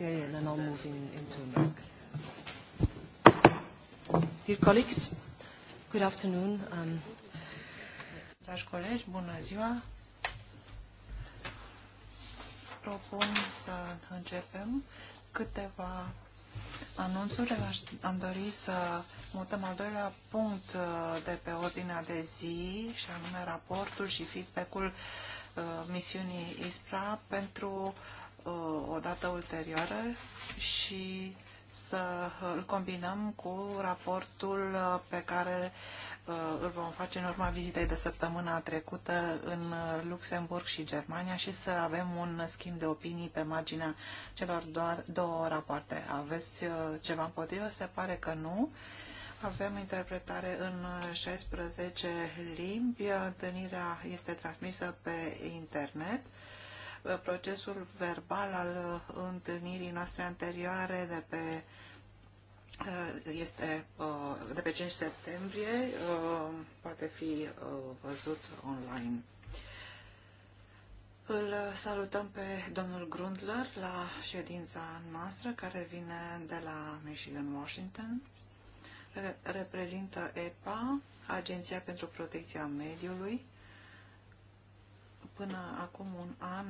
Yeah, then I'll move in, into Dear colleagues, good afternoon. Um, Dragi colegi, bună ziua. Propun să începem câteva anunțuri. Am dori să mutăm al doilea punct uh, de pe ordinea de zi, și anume raportul și feedback-ul uh, misiunii ISPRA pentru uh, o dată ulterioară și să uh, îl combinăm cu raportul uh, pe care uh, îl vom face în urma vizitei de săptămâna trecută în Luxemburg și Germania și să avem un schimb de opinii pe marginea celor două rapoarte. Aveți ceva împotrivă? Se pare că nu. Avem interpretare în 16 limbi. Întâlnirea este transmisă pe internet procesul verbal al uh, întâlnirii noastre anterioare de pe uh, este uh, de pe 5 septembrie, poate fi văzut online. Îl salutăm pe domnul Grundler la ședința noastră care vine de la Michigan, Washington. Reprezintă EPA, Agenția pentru Protecția Mediului, până acum un an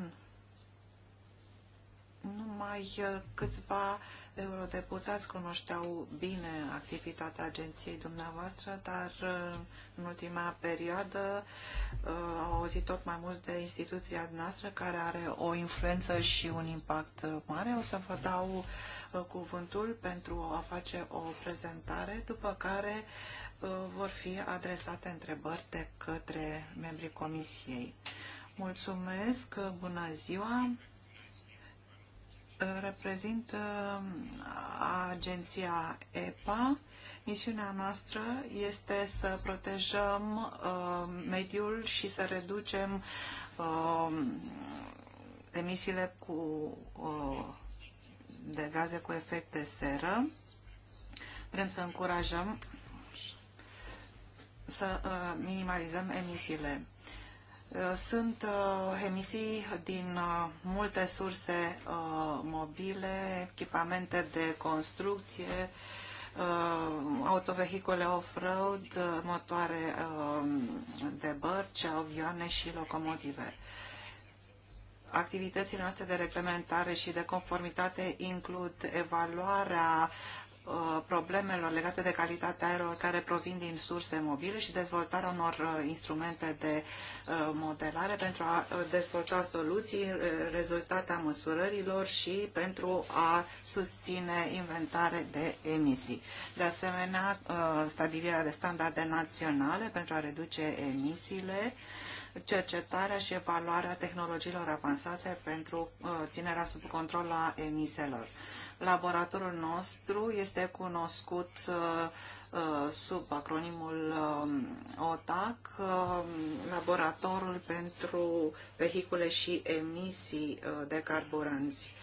numai uh, câțiva eurodeputați cunoșteau bine activitatea agenției dumneavoastră, dar uh, în ultima perioadă uh, au auzit tot mai mult de instituția noastră care are o influență și un impact mare. O să vă dau cuvântul pentru a face o prezentare, după care vor fi adresate întrebări de către membrii comisiei. Mulțumesc, bună ziua. Reprezint uh, agenția EPA. Misiunea noastră este să protejăm uh, mediul și să reducem uh, emisiile cu, uh, de gaze cu efect de seră. Vrem să încurajăm să uh, minimalizăm emisiile. Uh, sunt uh, emisii din uh, multe surse mobile, echipamente de construcție, autovehicule off-road, motoare de bărci, avioane și locomotive. Activitățile noastre de reglementare și de conformitate includ evaluarea Uh, problemelor legate de calitatea aerului care provin din surse mobile și dezvoltarea unor uh, instrumente de uh, modelare pentru a dezvolta soluții, rezultatea măsurărilor și pentru a susține inventare de emisii. De asemenea, stabilirea de standarde naționale pentru a reduce emisiile, cercetarea și evaluarea tehnologiilor avansate pentru ținerea sub control a emiselor. Laboratorul nostru este cunoscut uh, uh, sub acronimul um, OTAC, um, Laboratorul pentru Vehicule și Emisii uh, de Carburanți.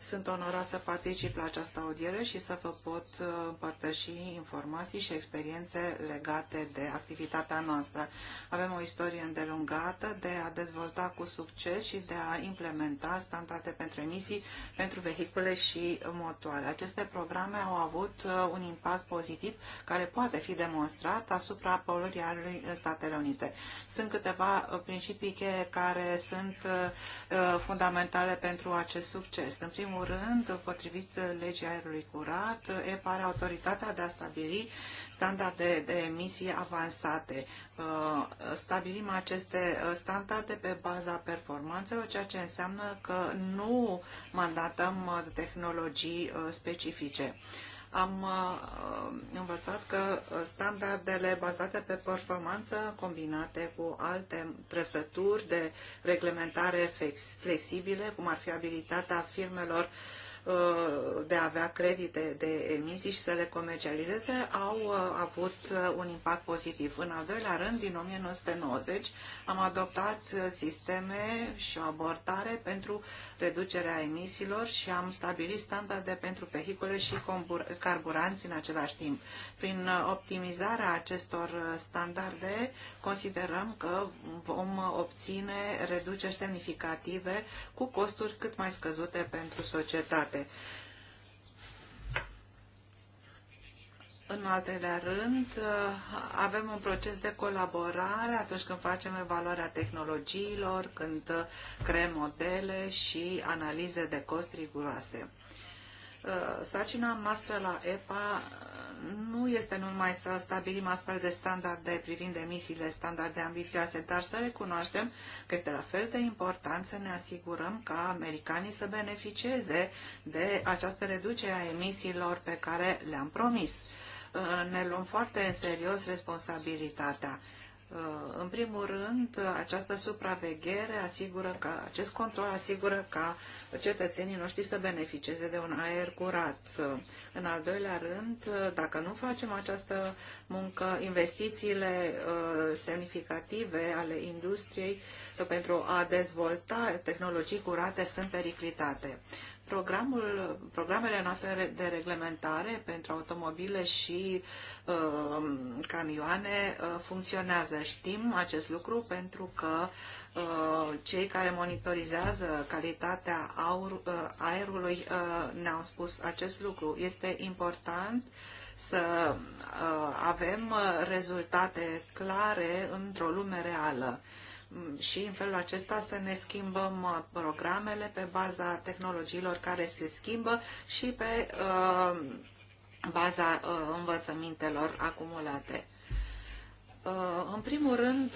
Sunt onorat să particip la această audiere și să vă pot uh, împărtăși informații și experiențe legate de activitatea noastră. Avem o istorie îndelungată de a dezvolta cu succes și de a implementa standarde pentru emisii pentru vehicule și motoare. Aceste programe au avut uh, un impact pozitiv care poate fi demonstrat asupra poluării aerului în Statele Unite. Sunt câteva uh, principii cheie care sunt fundamentale pentru acest succes. În primul primul rând, potrivit legii aerului curat, EPA are autoritatea de a stabili standarde de emisie avansate. Uh, stabilim aceste uh, standarde pe baza performanțelor, ceea ce înseamnă că nu mandatăm uh, tehnologii specifice am uh, învățat că standardele bazate pe performanță combinate cu alte trăsături de reglementare flexibile, cum ar fi abilitatea firmelor uh, Uh, de a avea credite de emisii și să le comercializeze au uh, avut uh, un impact pozitiv. În al doilea rând, din 1990, am adoptat sisteme și o abordare pentru reducerea emisiilor și am stabilit standarde pentru vehicule și carburanți în același timp. Prin optimizarea acestor standarde, considerăm că vom obține reduceri semnificative cu costuri cât mai scăzute pentru societate departe. În al treilea rând, uh, avem un proces de colaborare atunci când facem evaluarea tehnologiilor, când uh, creăm modele și analize de cost riguroase. Uh, sarcina noastră la EPA uh, nu este numai să stabilim astfel de standarde privind emisiile, standarde ambițioase, dar să recunoaștem că este la fel de important să ne asigurăm ca americanii să beneficieze de această reducere a emisiilor pe care le-am promis. Uh, ne luăm foarte în serios responsabilitatea Uh, în primul rând, această supraveghere asigură că, acest control asigură ca cetățenii noștri să beneficieze de un aer curat. Uh, în al doilea rând, uh, dacă nu facem această muncă, investițiile semnificative ale industriei pentru a dezvolta tehnologii curate sunt periclitate. Programul, programele noastre de reglementare pentru automobile și uh, camioane uh, funcționează. Știm acest lucru pentru că uh, cei care monitorizează calitatea aur, uh, aerului uh, ne-au spus acest lucru. Este important să uh, avem uh, rezultate clare într-o lume reală. Uh, și în felul acesta să ne schimbăm uh, programele pe baza tehnologiilor care se schimbă și pe uh, baza uh, învățămintelor acumulate. în primul rând,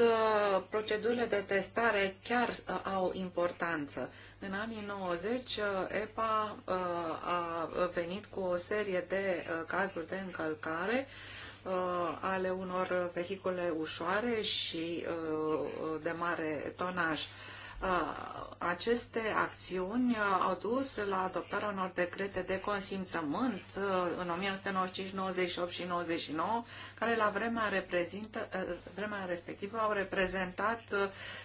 procedurile de testare chiar au importanță. În anii 90, EPA a venit cu o serie de cazuri de încălcare Uh, ale unor vehicule ușoare și uh, de mare tonaj. Uh, aceste acțiuni au dus la adoptarea unor decrete de consimțământ în 1995, 98 și 99, care la vremea, reprezintă, vremea respectivă au reprezentat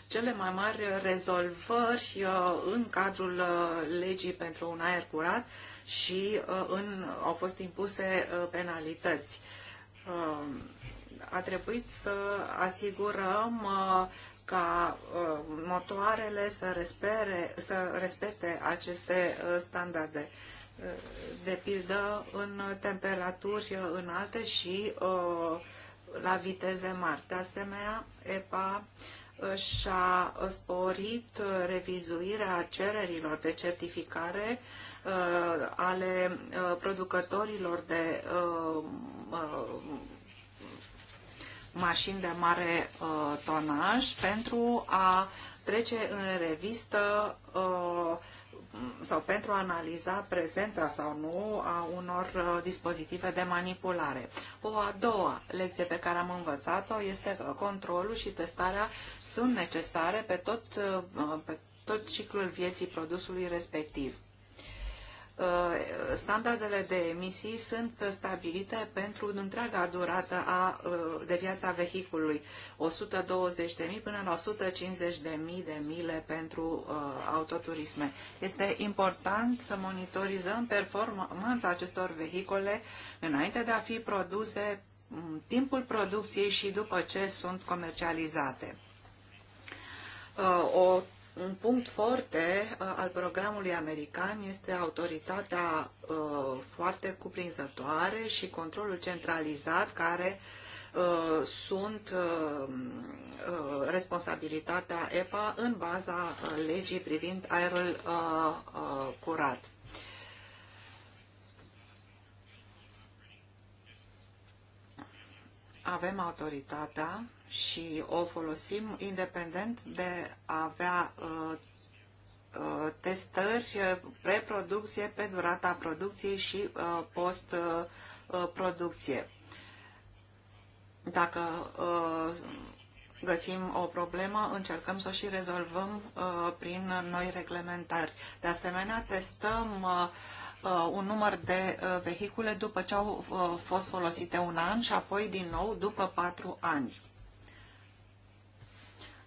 cele mai mari rezolvări în cadrul legii pentru un aer curat și în, au fost impuse penalități a trebuit să asigurăm uh, ca uh, motoarele să, respere, să respecte aceste uh, standarde de pildă în temperaturi înalte și la viteze mari. De asemenea, EPA și-a sporit revizuirea cererilor de certificare Uh, ale uh, producătorilor de uh, mașini de mare tonaj pentru a trece în revistă sau pentru a analiza prezența sau nu a unor dispozitive de manipulare. O a doua lecție pe care am învățat-o este că controlul și testarea sunt necesare pe tot, pe tot ciclul vieții produsului respectiv. Uh, standardele de emisii sunt stabilite pentru întreaga durată a, uh, de viața vehiculului, 120.000 până la 150.000 de mile pentru uh, autoturisme. Este important să monitorizăm performanța acestor vehicole înainte de a fi produse mm, timpul producției și după ce sunt comercializate. Uh, o un punct forte uh, al programului american este autoritatea uh, foarte cuprinzătoare și controlul centralizat care uh, sunt responsabilitatea EPA în baza legii privind aerul curat. Avem autoritatea și o folosim independent de a avea uh, uh, testări, preproducție uh, pe durata producției și postproducție. post-producție. Dacă găsim o problemă, încercăm să o și rezolvăm prin noi reglementări. De asemenea, testăm un număr de vehicule după ce au fost folosite un an și apoi din nou după patru ani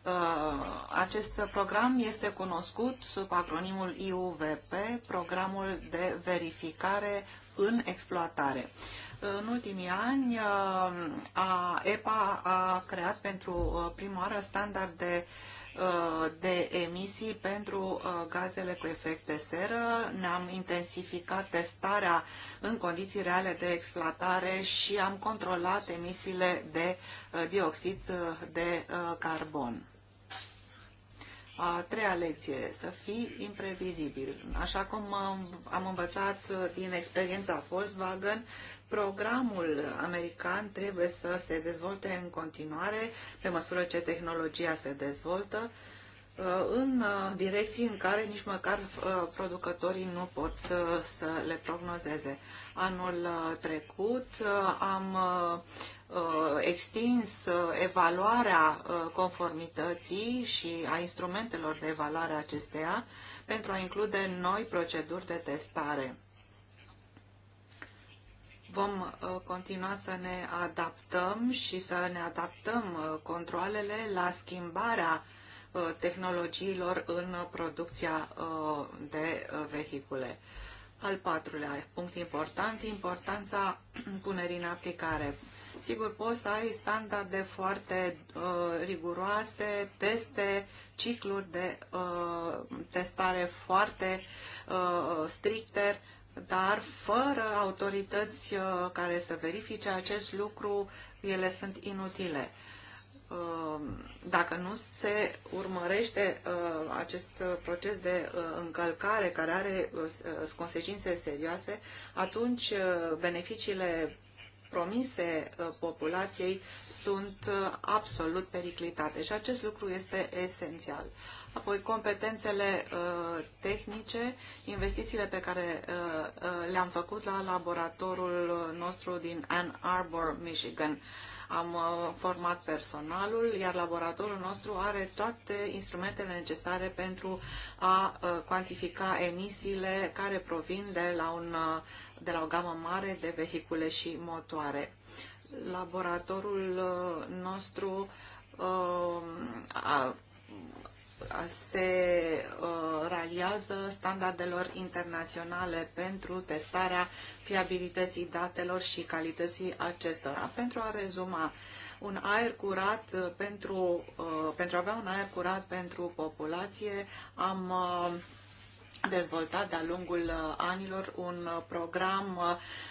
Uh, acest program este cunoscut sub acronimul IUVP, programul de verificare în exploatare. În ultimii ani, uh, a EPA a creat pentru uh, prima oară standarde de emisii pentru gazele cu efect de seră. Ne-am intensificat testarea în condiții reale de exploatare și am controlat emisiile de dioxid de carbon. A treia lecție, să fii imprevizibil. Așa cum am, am învățat uh, din experiența Volkswagen, programul american trebuie să se dezvolte în continuare pe măsură ce tehnologia se dezvoltă uh, în uh, direcții în care nici măcar producătorii nu pot să le prognozeze. Anul trecut am Uh, extins uh, evaluarea uh, conformității și a instrumentelor de evaluare a acesteia pentru a include noi proceduri de testare. Vom continua să ne adaptăm și să ne adaptăm controlele la schimbarea tehnologiilor în producția de vehicule. Al patrulea punct important, importanța punerii în aplicare sigur poți să ai standarde foarte uh, riguroase, teste, cicluri de uh, testare foarte uh, stricte, dar fără autorități uh, care să verifice acest lucru, ele sunt inutile. Uh, dacă nu se urmărește uh, acest proces de uh, încălcare care are uh, uh, consecințe serioase, atunci beneficiile promise uh, populației sunt uh, absolut periclitate și acest lucru este esențial. Apoi competențele uh, tehnice, investițiile pe care le-am făcut la laboratorul nostru din Ann Arbor, Michigan. Am format personalul, iar laboratorul nostru are toate instrumentele necesare pentru a cuantifica emisiile care provin de la un uh, de la o gamă mare de vehicule și motoare. Laboratorul uh, nostru uh, a, se uh, raliază standardelor internaționale pentru testarea fiabilității datelor și calității acestora. Pentru a rezuma, un aer curat pentru, uh, pentru a avea un aer curat pentru populație, am uh, dezvoltat de-a lungul uh, anilor un uh, program uh,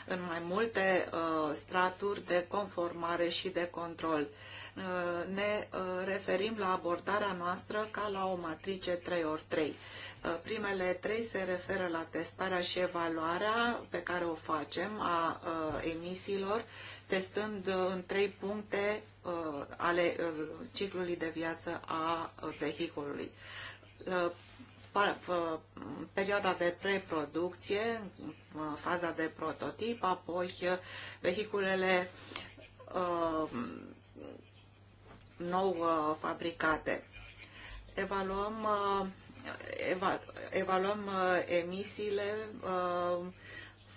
în mai multe straturi de conformare și de control. Ne referim la abordarea noastră ca la o matrice 3x3. Primele trei se referă la testarea și evaluarea pe care o facem a emisiilor, testând în trei puncte ale ciclului de viață a vehiculului perioada de preproducție, faza de prototip, apoi uh, vehiculele uh, nou uh, fabricate. Evaluăm, evaluăm emisiile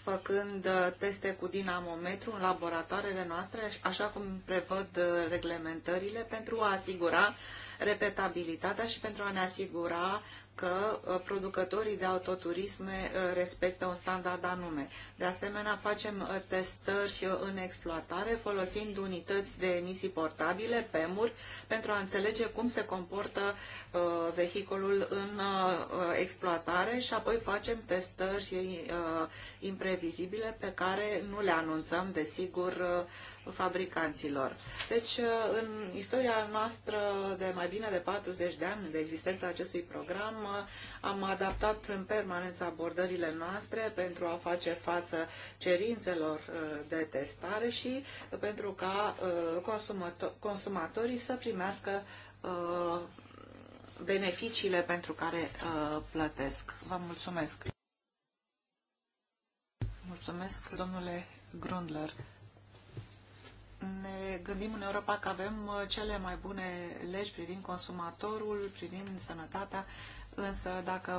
făcând teste cu dinamometru în laboratoarele noastre, așa cum prevăd reglementările, pentru a asigura repetabilitatea și pentru a ne asigura că uh, producătorii de autoturisme uh, respectă un standard anume. De asemenea, facem uh, testări în exploatare folosind unități de emisii portabile, PEM-uri, pentru a înțelege cum se comportă vehiculul în exploatare și apoi facem testări imprevizibile pe care nu le anunțăm, desigur, fabricanților. Deci, uh, în istoria noastră de mai bine de 40 de ani de existența acestui program, uh, am adaptat în permanență abordările noastre pentru a face față cerințelor uh, de testare și pentru ca consumatorii să primească beneficiile pentru care plătesc. Vă mulțumesc! Mulțumesc, domnule Grundler ne gândim în Europa că avem uh, cele mai bune legi privind consumatorul, privind sănătatea, însă dacă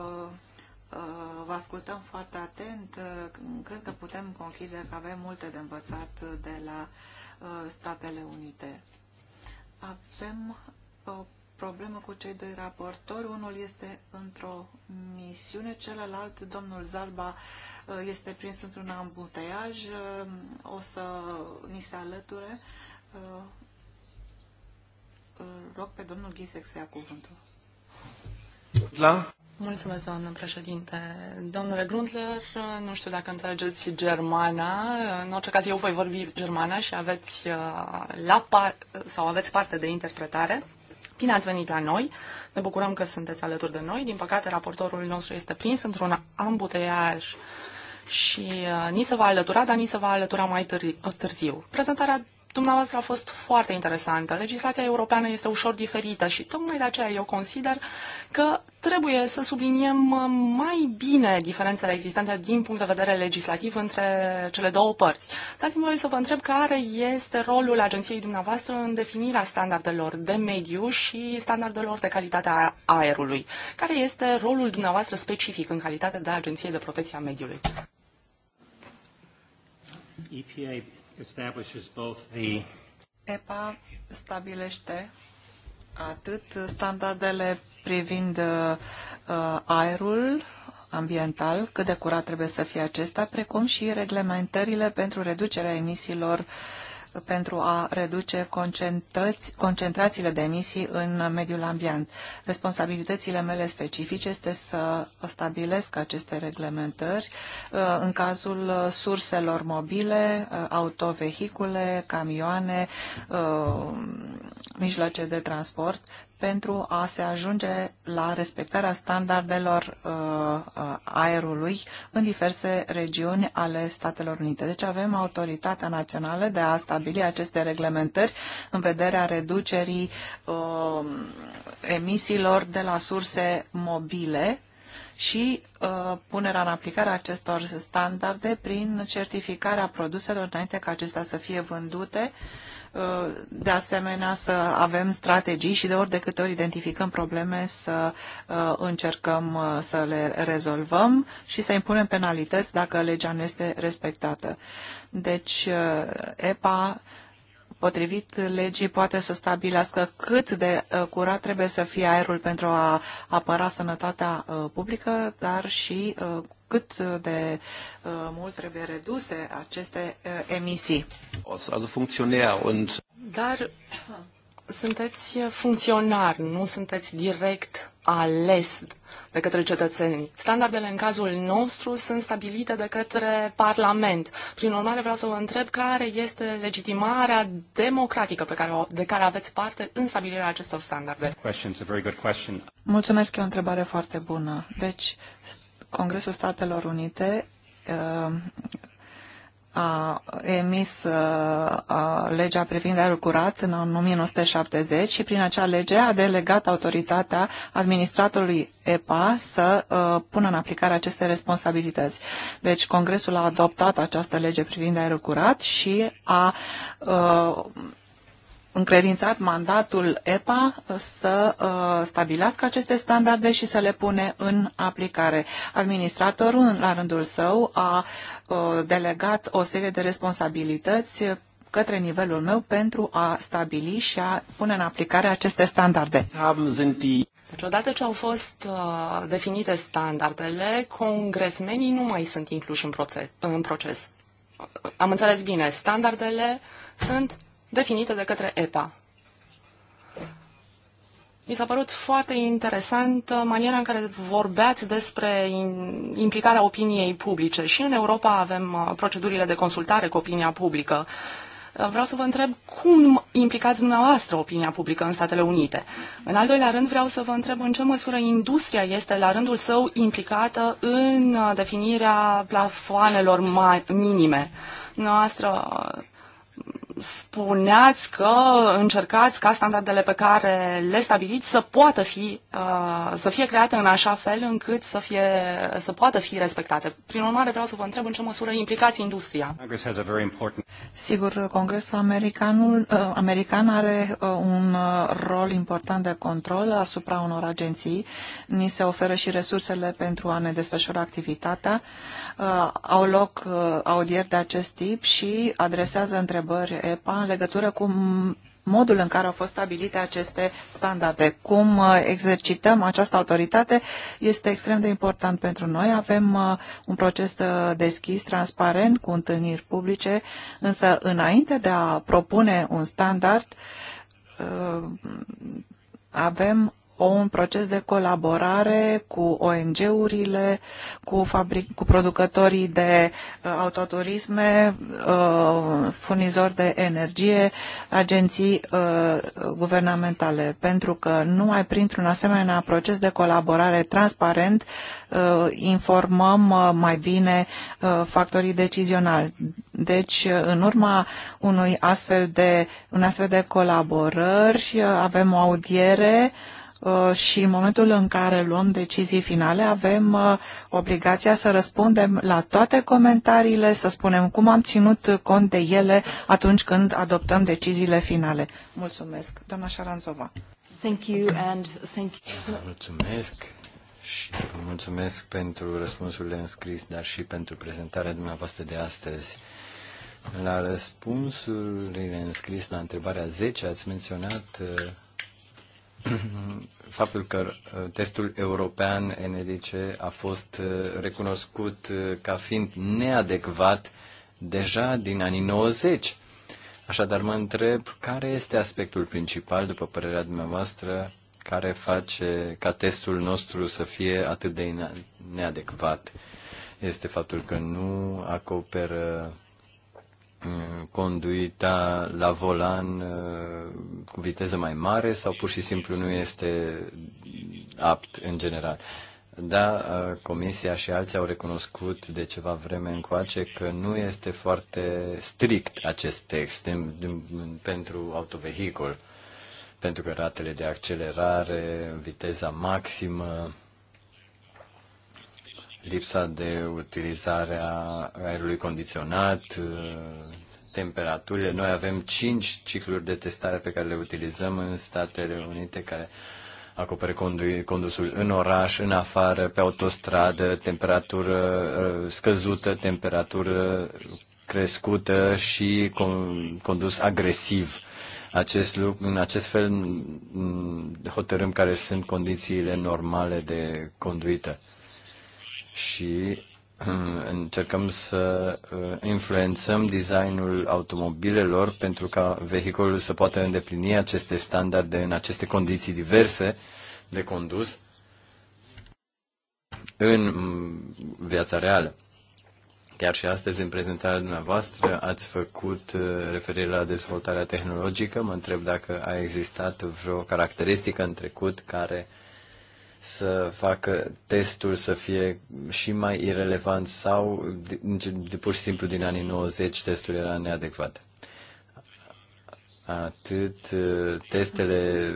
uh, vă ascultăm foarte atent, uh, cred că putem conchide că avem multe de învățat de la Statele Unite. Avem o problemă cu cei doi raportori. Unul este într-o misiune, celălalt, domnul Zalba, uh, este prins într-un ambuteiaj. Uh, o să ni se alăture. Uh, rog pe domnul Ghisec să ia cuvântul. La? Mulțumesc, doamnă președinte. Domnule Grundler, nu știu dacă înțelegeți germana. În orice caz, eu voi vorbi germana și aveți, la par- sau aveți parte de interpretare. Bine ați venit la noi. Ne bucurăm că sunteți alături de noi. Din păcate, raportorul nostru este prins într-un ambuteiaj și uh, ni se va alătura, dar ni se va alătura mai târziu. Prezentarea dumneavoastră a fost foarte interesantă. Legislația europeană este ușor diferită și tocmai de aceea eu consider că trebuie să subliniem mai bine diferențele existente din punct de vedere legislativ între cele două părți. Dați-mi voie să vă întreb care este rolul agenției dumneavoastră în definirea standardelor de mediu și standardelor de calitate a aerului. Care este rolul dumneavoastră specific în calitate de agenție de protecție a mediului? EPA establishes both the EPA stabilește atât standardele privind uh, aerul ambiental, cât de curat trebuie să fie acesta, precum și reglementările pentru reducerea emisiilor pentru a reduce concentrațiile de emisii în mediul ambient. Responsabilitățile mele specifice este să stabilesc aceste reglementări uh, în cazul surselor mobile, uh, autovehicule, camioane, uh, mijloace de transport, pentru a se ajunge la respectarea standardelor uh, uh, aerului în diverse regiuni ale Statelor Unite. Deci avem autoritatea națională de a stabili aceste reglementări în vederea reducerii uh, emisiilor de la surse mobile și uh, punerea în aplicare a acestor standarde prin certificarea produselor înainte ca acestea să fie vândute uh, de asemenea să avem strategii și de ori de câte ori identificăm probleme să uh, încercăm uh, să le rezolvăm și să impunem penalități dacă legea nu este respectată. Deci uh, EPA potrivit legii poate să stabilească cât de curat trebuie să fie aerul pentru a apăra sănătatea publică, dar și cât de uh, mult trebuie reduse aceste uh, emisii. Dar sunteți funcționar, nu sunteți direct ales de către cetățeni. Standardele în cazul nostru sunt stabilite de către Parlament. Prin urmare, vreau să vă întreb care este legitimarea democratică pe care, de care aveți parte în stabilirea acestor standarde. Mulțumesc, e o întrebare foarte bună. Deci, Congresul Statelor Unite uh, a emis uh, a, legea privind aerul curat în 1970 și prin acea lege a delegat autoritatea administratorului EPA să uh, pună în aplicare aceste responsabilități. Deci Congresul a adoptat această lege privind aerul curat și a, a încredințat mandatul EPA uh, să uh, stabilească aceste standarde și să le pune în aplicare. Administratorul, la rândul său, a uh, delegat o serie de responsabilități către nivelul meu pentru a stabili și a pune în aplicare aceste standarde. Deci odată ce au fost uh, definite standardele, congresmenii nu mai sunt incluși în, proces, în proces. Am înțeles bine, standardele sunt definite de către EPA. Mi s-a părut foarte interesant maniera în care vorbeați despre implicarea opiniei publice. Și în Europa avem uh, procedurile de consultare cu opinia publică. Uh, vreau să vă întreb cum implicați dumneavoastră opinia publică în Statele Unite. În al doilea rând, vreau să vă întreb în ce măsură industria este la rândul său implicată în uh, definirea plafoanelor minime. Noastră spuneați că încercați ca standardele pe care le stabiliți să poată fi, uh, să fie create în așa fel încât să, fie, să poată fi respectate. Prin urmare, vreau să vă întreb în ce măsură implicați industria. Sigur, Congresul Americanul, uh, American are uh, un rol important de control asupra unor agenții. Ni se oferă și resursele pentru a ne desfășura activitatea. Au loc audieri de acest tip și adresează întrebări EPA în legătură cu modul în care au fost stabilite aceste standarde. Cum uh, exercităm această autoritate este extrem de important pentru noi. Avem uh, un proces uh, deschis, transparent, cu întâlniri publice, însă înainte de a propune un standard, avem un proces de colaborare cu ONG-urile, cu, fabric, cu producătorii de uh, autoturisme, uh, furnizori de energie, agenții uh, guvernamentale, pentru că numai printr-un asemenea proces de colaborare transparent uh, informăm uh, mai bine uh, factorii decizionali. Deci, uh, în urma unui astfel de, un astfel de colaborări, uh, avem o audiere uh, Uh, și în momentul în care luăm decizii finale avem uh, obligația să răspundem la toate comentariile, să spunem cum am ținut cont de ele atunci când adoptăm deciziile finale. Mulțumesc. Doamna Șaranzova. Thank you and thank you. Mulțumesc și vă mulțumesc pentru răspunsurile înscris, dar și pentru prezentarea dumneavoastră de astăzi. La răspunsurile înscris la întrebarea 10 ați menționat uh, faptul că uh, testul european NDC a fost uh, recunoscut uh, ca fiind neadecvat deja din anii 90. Așadar mă întreb care este aspectul principal, după părerea dumneavoastră, care face ca testul nostru să fie atât de neadecvat. Este faptul că nu acoperă Mm, conduita la volan uh, cu viteză mai mare sau pur și simplu nu este apt în general. Da, uh, Comisia și alții au recunoscut de ceva vreme încoace că nu este foarte strict acest text din, din, pentru autovehicul, pentru că ratele de accelerare, viteza maximă, lipsa de utilizare a aerului condiționat, uh, temperaturile. Noi avem cinci cicluri de testare pe care le utilizăm în Statele Unite, care acoperă condusul în oraș, în afară, pe autostradă, temperatură uh, scăzută, temperatură crescută și condus agresiv. Acest lucru, în acest fel mm, hotărâm care sunt condițiile normale de conduită și încercăm să uh, influențăm designul automobilelor pentru ca vehiculul să poată îndeplini aceste standarde în aceste condiții diverse de condus în mm, viața reală. Chiar și astăzi, în prezentarea dumneavoastră, ați făcut uh, referire la dezvoltarea tehnologică. Mă întreb dacă a existat vreo caracteristică în trecut care uh, să facă testul să fie și mai irelevant sau de, pur și simplu din anii 90 testul era neadecvat. Atât uh, testele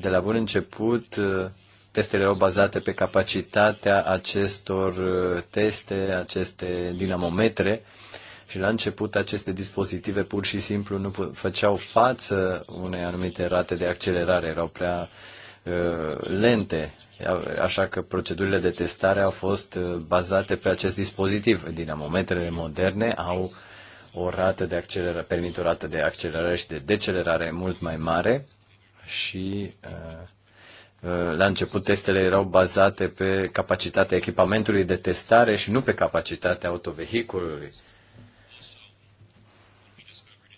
de la bun început, uh, testele erau bazate pe capacitatea acestor uh, teste, aceste dinamometre și la început aceste dispozitive pur și simplu nu făceau față unei anumite rate de accelerare, erau prea uh, Uh, lente, așa că procedurile de testare au fost uh, bazate pe acest dispozitiv. Dinamometrele moderne au o rată de accelerare, permit o rată de accelerare și de decelerare mult mai mare și uh, la început testele erau bazate pe capacitatea echipamentului de testare și nu pe capacitatea autovehiculului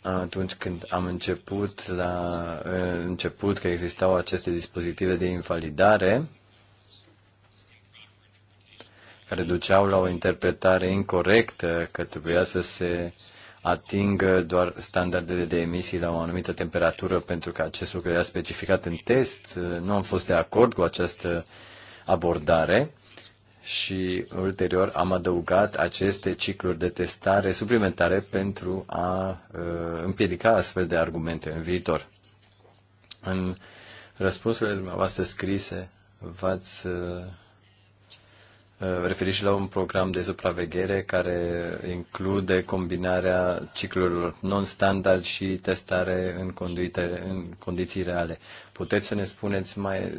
atunci când am început, la început că existau aceste dispozitive de invalidare care duceau la o interpretare incorrectă că trebuia să se atingă doar standardele de emisii la o anumită temperatură pentru că acest lucru era specificat în test. Nu am fost de acord cu această abordare și ulterior am adăugat aceste cicluri de testare suplimentare pentru a uh, împiedica astfel de argumente în viitor. În răspunsurile dumneavoastră scrise v-ați uh, uh, referit și la un program de supraveghere care include combinarea ciclurilor non-standard și testare în, conduite, în condiții reale. Puteți să ne spuneți mai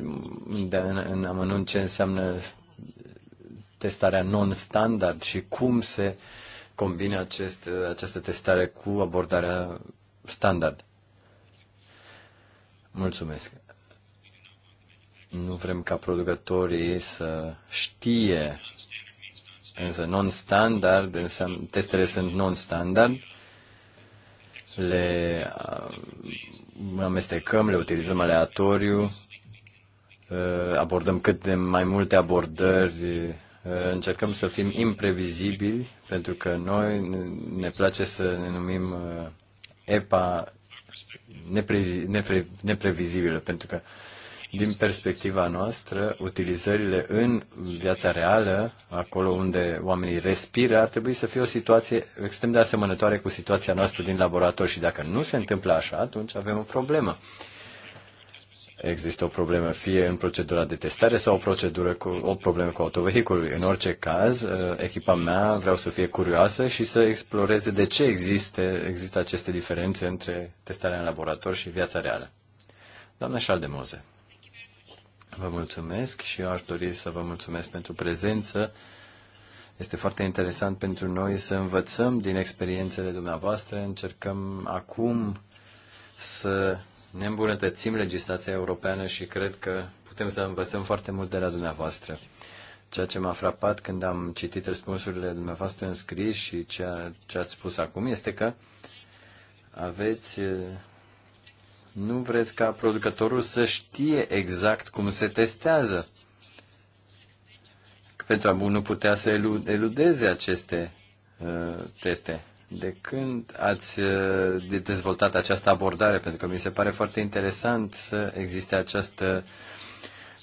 în, în amănunt ce înseamnă testarea non-standard și cum se combine acest, această testare cu abordarea standard. Mulțumesc. Nu vrem ca producătorii să știe, însă non-standard, însă testele sunt non-standard, le uh, amestecăm, le utilizăm aleatoriu, uh, abordăm cât de mai multe abordări încercăm să fim imprevizibili, pentru că noi ne place să ne numim uh, EPA neprevizibilă, pentru că din perspectiva noastră, utilizările în viața reală, acolo unde oamenii respiră, ar trebui să fie o situație extrem de asemănătoare cu situația noastră din laborator și dacă nu se întâmplă așa, atunci avem o problemă. Uh, există o problemă fie în procedura de testare sau o, procedură cu, o problemă cu autovehicul. În orice caz, uh, echipa mea vreau să fie curioasă și să exploreze de ce există, există aceste diferențe între testarea în laborator și viața reală. Doamna Șaldemoze, vă mulțumesc și eu aș dori să vă mulțumesc pentru prezență. Este foarte interesant pentru noi să învățăm din experiențele dumneavoastră. Încercăm acum să ne îmbunătățim legislația europeană și cred că putem să învățăm foarte mult de la dumneavoastră. Ceea ce m-a frapat când am citit răspunsurile dumneavoastră în scris și ceea ce ați spus acum este că aveți nu vreți ca producătorul să știe exact cum se testează pentru a nu putea să eludeze aceste uh, teste de când ați uh, dezvoltat această abordare, pentru că mi se pare foarte interesant să existe această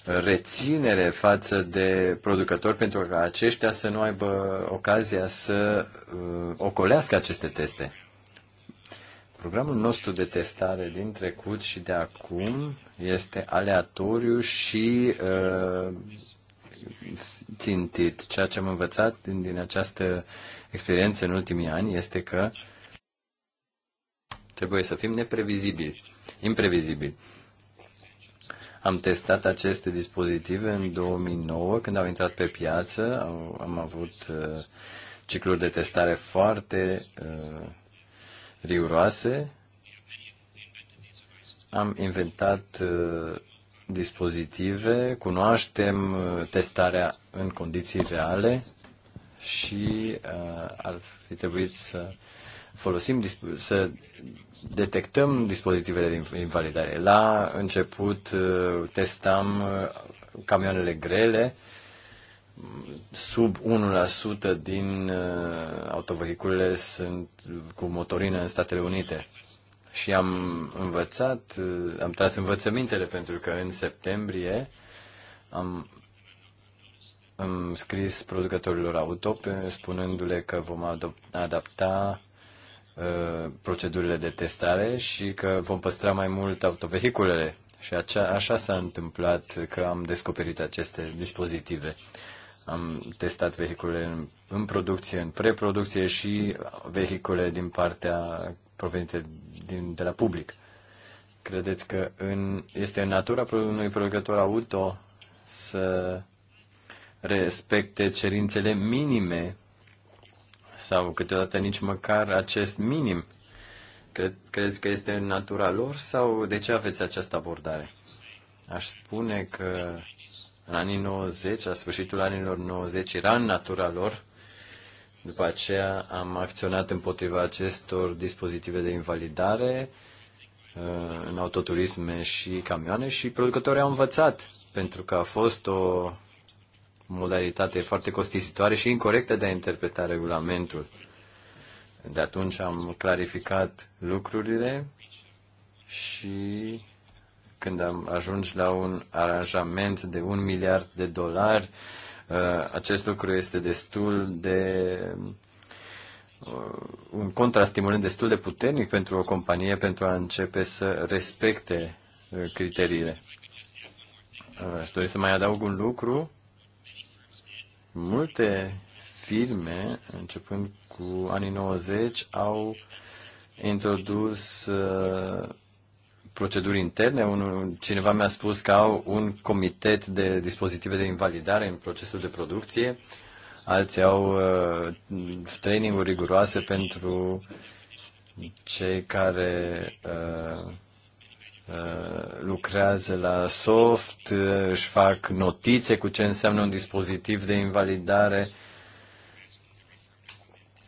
reținere față de producători pentru ca aceștia să nu aibă ocazia să uh, ocolească aceste teste. Programul nostru de testare din trecut și de acum este aleatoriu și uh, țintit. Ceea ce am învățat din, din această experiență în ultimii ani este că trebuie să fim neprevizibili, imprevizibili. Am testat aceste dispozitive în 2009, când au intrat pe piață, au, am avut uh, cicluri de testare foarte uh, riguroase. Am inventat uh, dispozitive, cunoaștem uh, testarea în condiții reale, și uh, ar fi trebuit să folosim, să detectăm dispozitivele de invalidare. La început uh, testam uh, camioanele grele, sub 1% din autovehiculele sunt cu motorină în Statele Unite. Și am învățat, am tras învățămintele pentru că în septembrie am am scris producătorilor auto spunându-le că vom adapta uh, procedurile de testare și că vom păstra mai mult autovehiculele. Și acea, așa s-a întâmplat că am descoperit aceste dispozitive. Am testat vehicule în, în producție, în preproducție și vehicule din partea provenite din, de la public. Credeți că în, este în natura unui producător auto să respecte cerințele minime sau câteodată nici măcar acest minim. Cre- crezi că este în natura lor sau de ce aveți această abordare? Aș spune că în anii 90, la sfârșitul anilor 90, era în natura lor. După aceea am acționat împotriva acestor dispozitive de invalidare uh, în autoturisme și camioane și producătorii au învățat pentru că a fost o modalitate foarte costisitoare și incorrectă de a interpreta regulamentul. De atunci am clarificat lucrurile și când am ajuns la un aranjament de un miliard de dolari, uh, acest lucru este destul de uh, un contrastimulant destul de puternic pentru o companie pentru a începe să respecte uh, criteriile. Aș dori să mai adaug un lucru Multe filme, începând cu anii 90, au introdus uh, proceduri interne. Un cineva mi-a spus că au un comitet de dispozitive de invalidare în procesul de producție, alții au uh, training-uri riguroase pentru cei care uh, Uh, lucrează la soft, uh, își fac notițe cu ce înseamnă un dispozitiv de invalidare.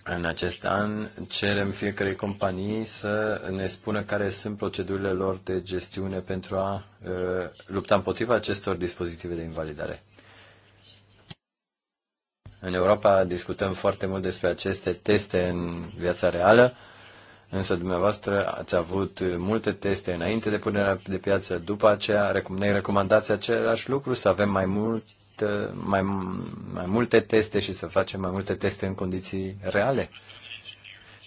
În acest an cerem fiecare companii să ne spună care sunt procedurile lor de gestiune pentru a uh, lupta împotriva acestor dispozitive de invalidare. În Europa discutăm foarte mult despre aceste teste în viața reală. Uh, Însă dumneavoastră ați avut multe teste înainte de punerea de piață, după aceea ne recomandați același lucru, să avem mai, mult, mai, mai multe teste și să facem mai multe teste în condiții reale.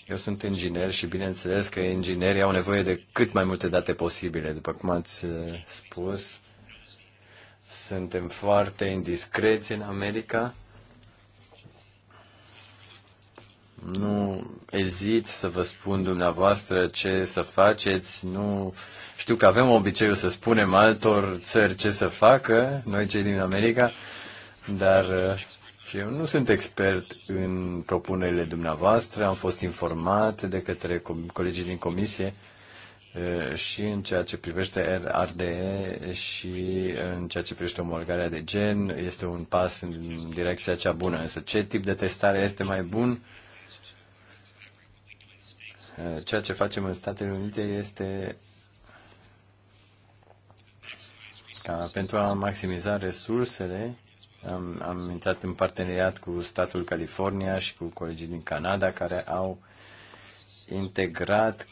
Eu sunt inginer și bineînțeles că inginerii au nevoie de cât mai multe date posibile. După cum ați uh, spus, suntem foarte indiscreți în America Nu ezit să vă spun dumneavoastră ce să faceți. Nu știu că avem obiceiul să spunem altor țări ce să facă, noi cei din America, dar și uh, eu nu sunt expert în propunerile dumneavoastră, am fost informat de către colegii din comisie uh, și în ceea ce privește RDE și în ceea ce privește omologarea de gen, este un pas în direcția cea bună. Însă ce tip de testare este mai bun? Eh, ceea ce facem în Statele Unite este ca pentru a maximiza resursele, am, am intrat în parteneriat cu statul California și cu colegii din Canada care au integrat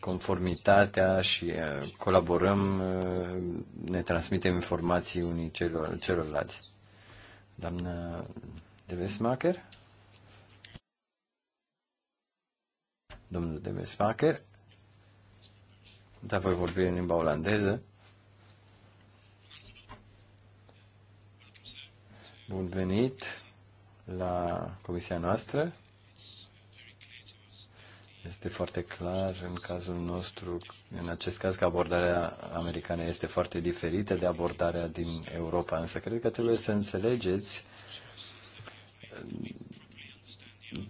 conformitatea și eh, colaborăm, eh, ne transmitem informații unii celor, celorlalți. Doamna Devesmacher? domnul Mesfacher, dar voi vorbi în limba olandeză. Bun venit la comisia noastră. Este foarte clar în cazul nostru, în acest caz că abordarea americană este foarte diferită de abordarea din Europa, însă cred că trebuie să înțelegeți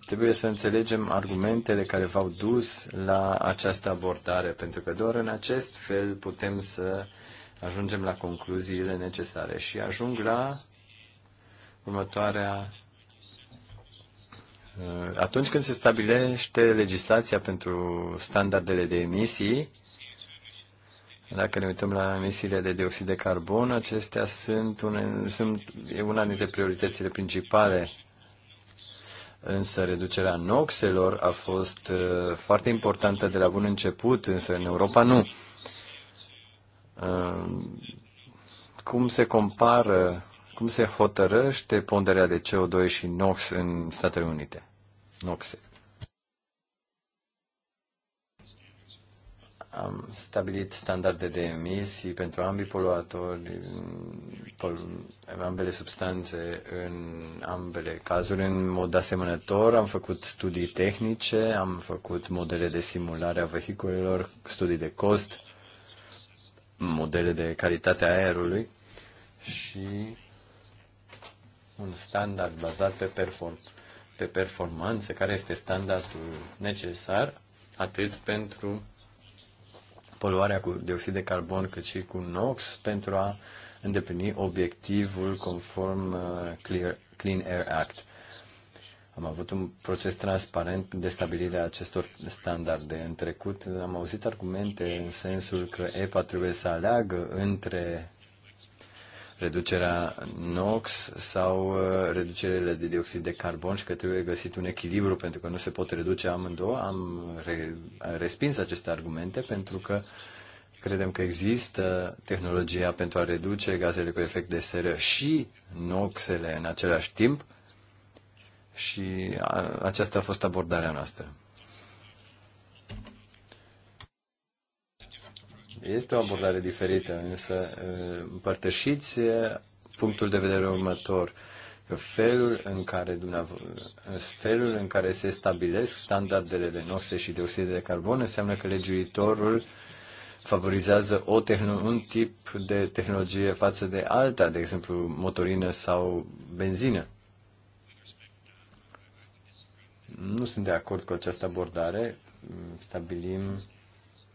trebuie să înțelegem argumentele care v-au dus la această abordare, pentru că doar în acest fel putem să ajungem la concluziile necesare. Și ajung la următoarea. Atunci când se stabilește legislația pentru standardele de emisii, dacă ne uităm la emisiile de dioxid de carbon, acestea sunt, une, sunt una dintre prioritățile principale însă reducerea noxelor a fost uh, foarte importantă de la bun început, însă în Europa nu. Uh, cum se compară, cum se hotărăște ponderea de CO2 și NOx în Statele Unite? Noxe. am stabilit standarde de emisii pentru ambii poluatori, pol, ambele substanțe în ambele cazuri în mod asemănător. Am făcut studii tehnice, am făcut modele de simulare a vehiculelor, studii de cost, modele de calitate a aerului și un standard bazat pe, perform- pe performanță, care este standardul necesar atât pentru poluarea cu dioxid de carbon cât și cu NOx pentru a îndeplini obiectivul conform uh, Clear, Clean Air Act. Am avut un proces transparent de stabilire a acestor standarde. În trecut am auzit argumente în sensul că EPA trebuie să aleagă între reducerea NOx sau uh, reducerile de dioxid de carbon și că trebuie găsit un echilibru pentru că nu se pot reduce amândouă. Am re, respins aceste argumente pentru că credem că există tehnologia pentru a reduce gazele cu efect de seră și noxele în același timp și a, aceasta a fost abordarea noastră. Este o abordare diferită, însă uh, împărtășiți uh, punctul de vedere următor. Felul în, care felul în care se stabilesc standardele de noxe și oxid de carbon înseamnă că legiuitorul favorizează o tehn- un tip de tehnologie față de alta, de exemplu motorină sau benzină. Nu sunt de acord cu această abordare. Stabilim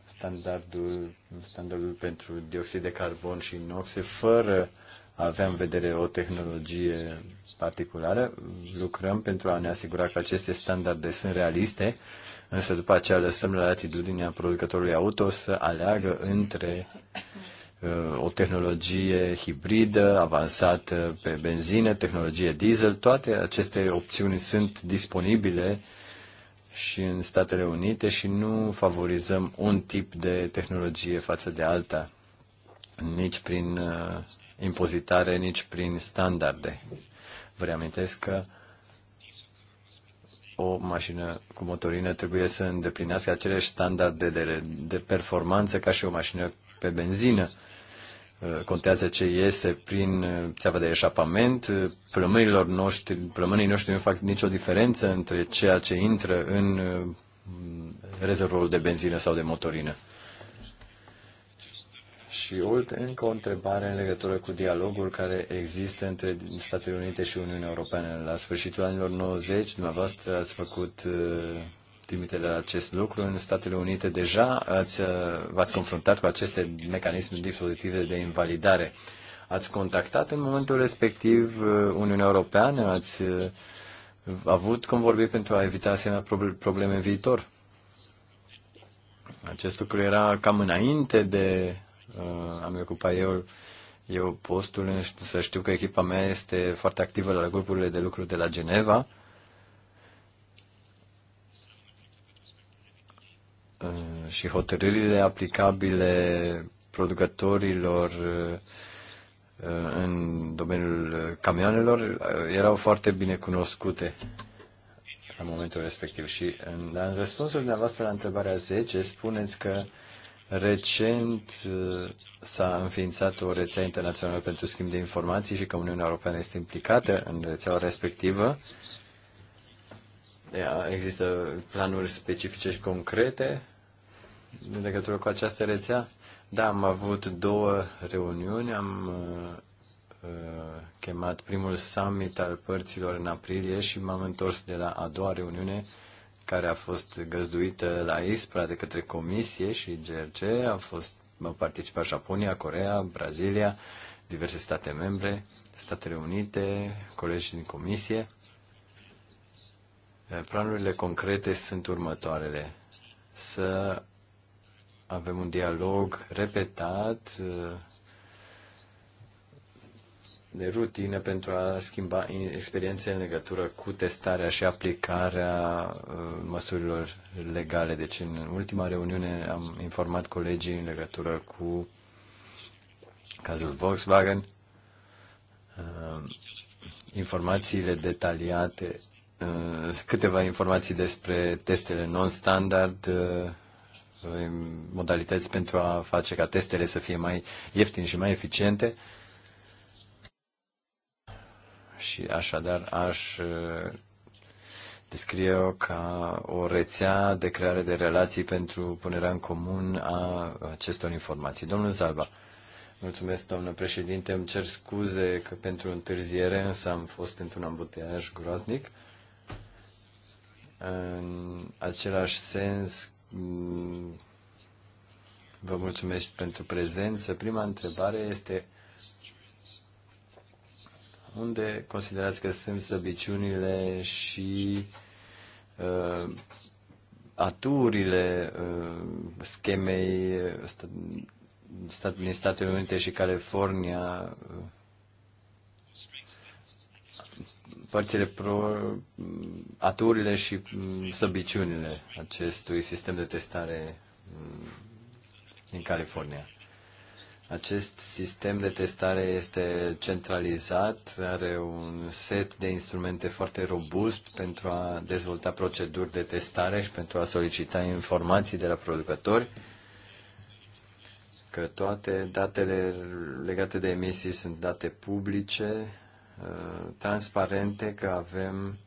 standardul, standardul pentru dioxid de carbon și noxe fără a avea în vedere o tehnologie particulară. Lucrăm pentru a ne asigura că aceste standarde sunt realiste, însă după aceea lăsăm la latitudinea producătorului auto să aleagă între uh, o tehnologie hibridă, avansată pe benzină, tehnologie diesel, toate aceste opțiuni sunt disponibile și în Statele Unite și nu favorizăm un tip de tehnologie față de alta, nici prin uh, impozitare, nici prin standarde. Vă reamintesc că o mașină cu motorină trebuie să îndeplinească aceleași standarde de, de performanță ca și o mașină pe benzină. Uh, contează ce iese prin uh, țeava de eșapament. Uh, plămânilor noștri, plămânii noștri nu fac nicio diferență între ceea ce intră în rezervorul de benzină sau de motorină. Și uite, încă o întrebare în legătură cu dialogul care există între Statele Unite și Uniunea Europeană. La sfârșitul anilor 90, dumneavoastră ați făcut trimite la acest lucru. În Statele Unite deja ați, uh, v-ați confruntat cu aceste mecanisme dispozitive de invalidare. Ați contactat în momentul respectiv uh, Uniunea Europeană? Ați uh, avut cum vorbi pentru a evita asemenea probleme în viitor? Acest lucru era cam înainte de uh, am ocupa eu, eu postul, să știu că echipa mea este foarte activă la grupurile de lucru de la Geneva. Uh, și hotărârile aplicabile producătorilor uh, uh, în domeniul uh, camioanelor erau foarte bine cunoscute la momentul respectiv. Și în, în răspunsul dumneavoastră la întrebarea 10 spuneți că recent s-a înființat o rețea internațională pentru schimb de informații și că Uniunea Europeană este implicată în rețeaua respectivă. Există planuri specifice și concrete în legătură cu această rețea? Da, am avut două reuniuni, am uh, uh, chemat primul summit al părților în aprilie și m-am întors de la a doua reuniune care a fost găzduită la ISPRA de către Comisie și GRC, a fost au participat Japonia, Corea, Brazilia, diverse state membre, Statele Unite, colegi din Comisie. Planurile concrete sunt următoarele. Să avem un dialog repetat uh, de rutină pentru a schimba experiențe în legătură cu testarea și aplicarea uh, măsurilor legale. Deci în ultima reuniune am informat colegii în legătură cu cazul Volkswagen. Uh, informațiile detaliate, câteva informații despre testele non-standard modalități pentru a face ca testele să fie mai ieftine și mai eficiente. Și așadar aș uh, descrie-o ca o rețea de creare de relații pentru punerea în comun a acestor informații. Domnul Zalba. Mulțumesc, doamnă președinte. Îmi cer scuze că pentru întârziere, însă am fost într-un ambuteaj groaznic. În același sens Mm, vă mulțumesc pentru prezență. Prima întrebare este unde considerați că sunt slăbiciunile și uh, aturile uh, schemei uh, stat, stat, din Statele Unite și California uh, părțile pro, aturile și mm, slăbiciunile acestui sistem de testare mm, din California. Acest sistem de testare este centralizat, are un set de instrumente foarte robust pentru a dezvolta proceduri de testare și pentru a solicita informații de la producători că toate datele legate de emisii sunt date publice, Uh, transparente că avem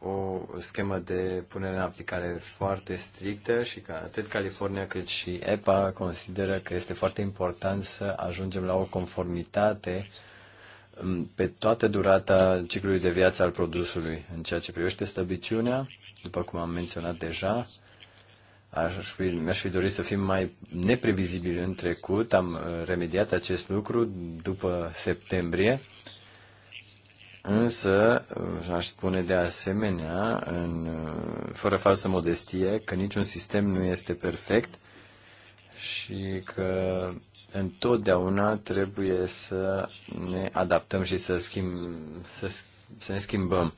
uh, o schemă de punere în aplicare foarte strictă și că atât California cât și EPA consideră că este foarte important să ajungem la o conformitate um, pe toată durata ciclului de viață al produsului. În ceea ce privește slăbiciunea, după cum am menționat deja, Aș fi, mi-aș fi dorit să fim mai neprevizibili în trecut. Am uh, remediat acest lucru după septembrie. Însă, uh, aș spune de asemenea, în, uh, fără falsă modestie, că niciun sistem nu este perfect și că întotdeauna trebuie să ne adaptăm și să, schimb, să, să ne schimbăm.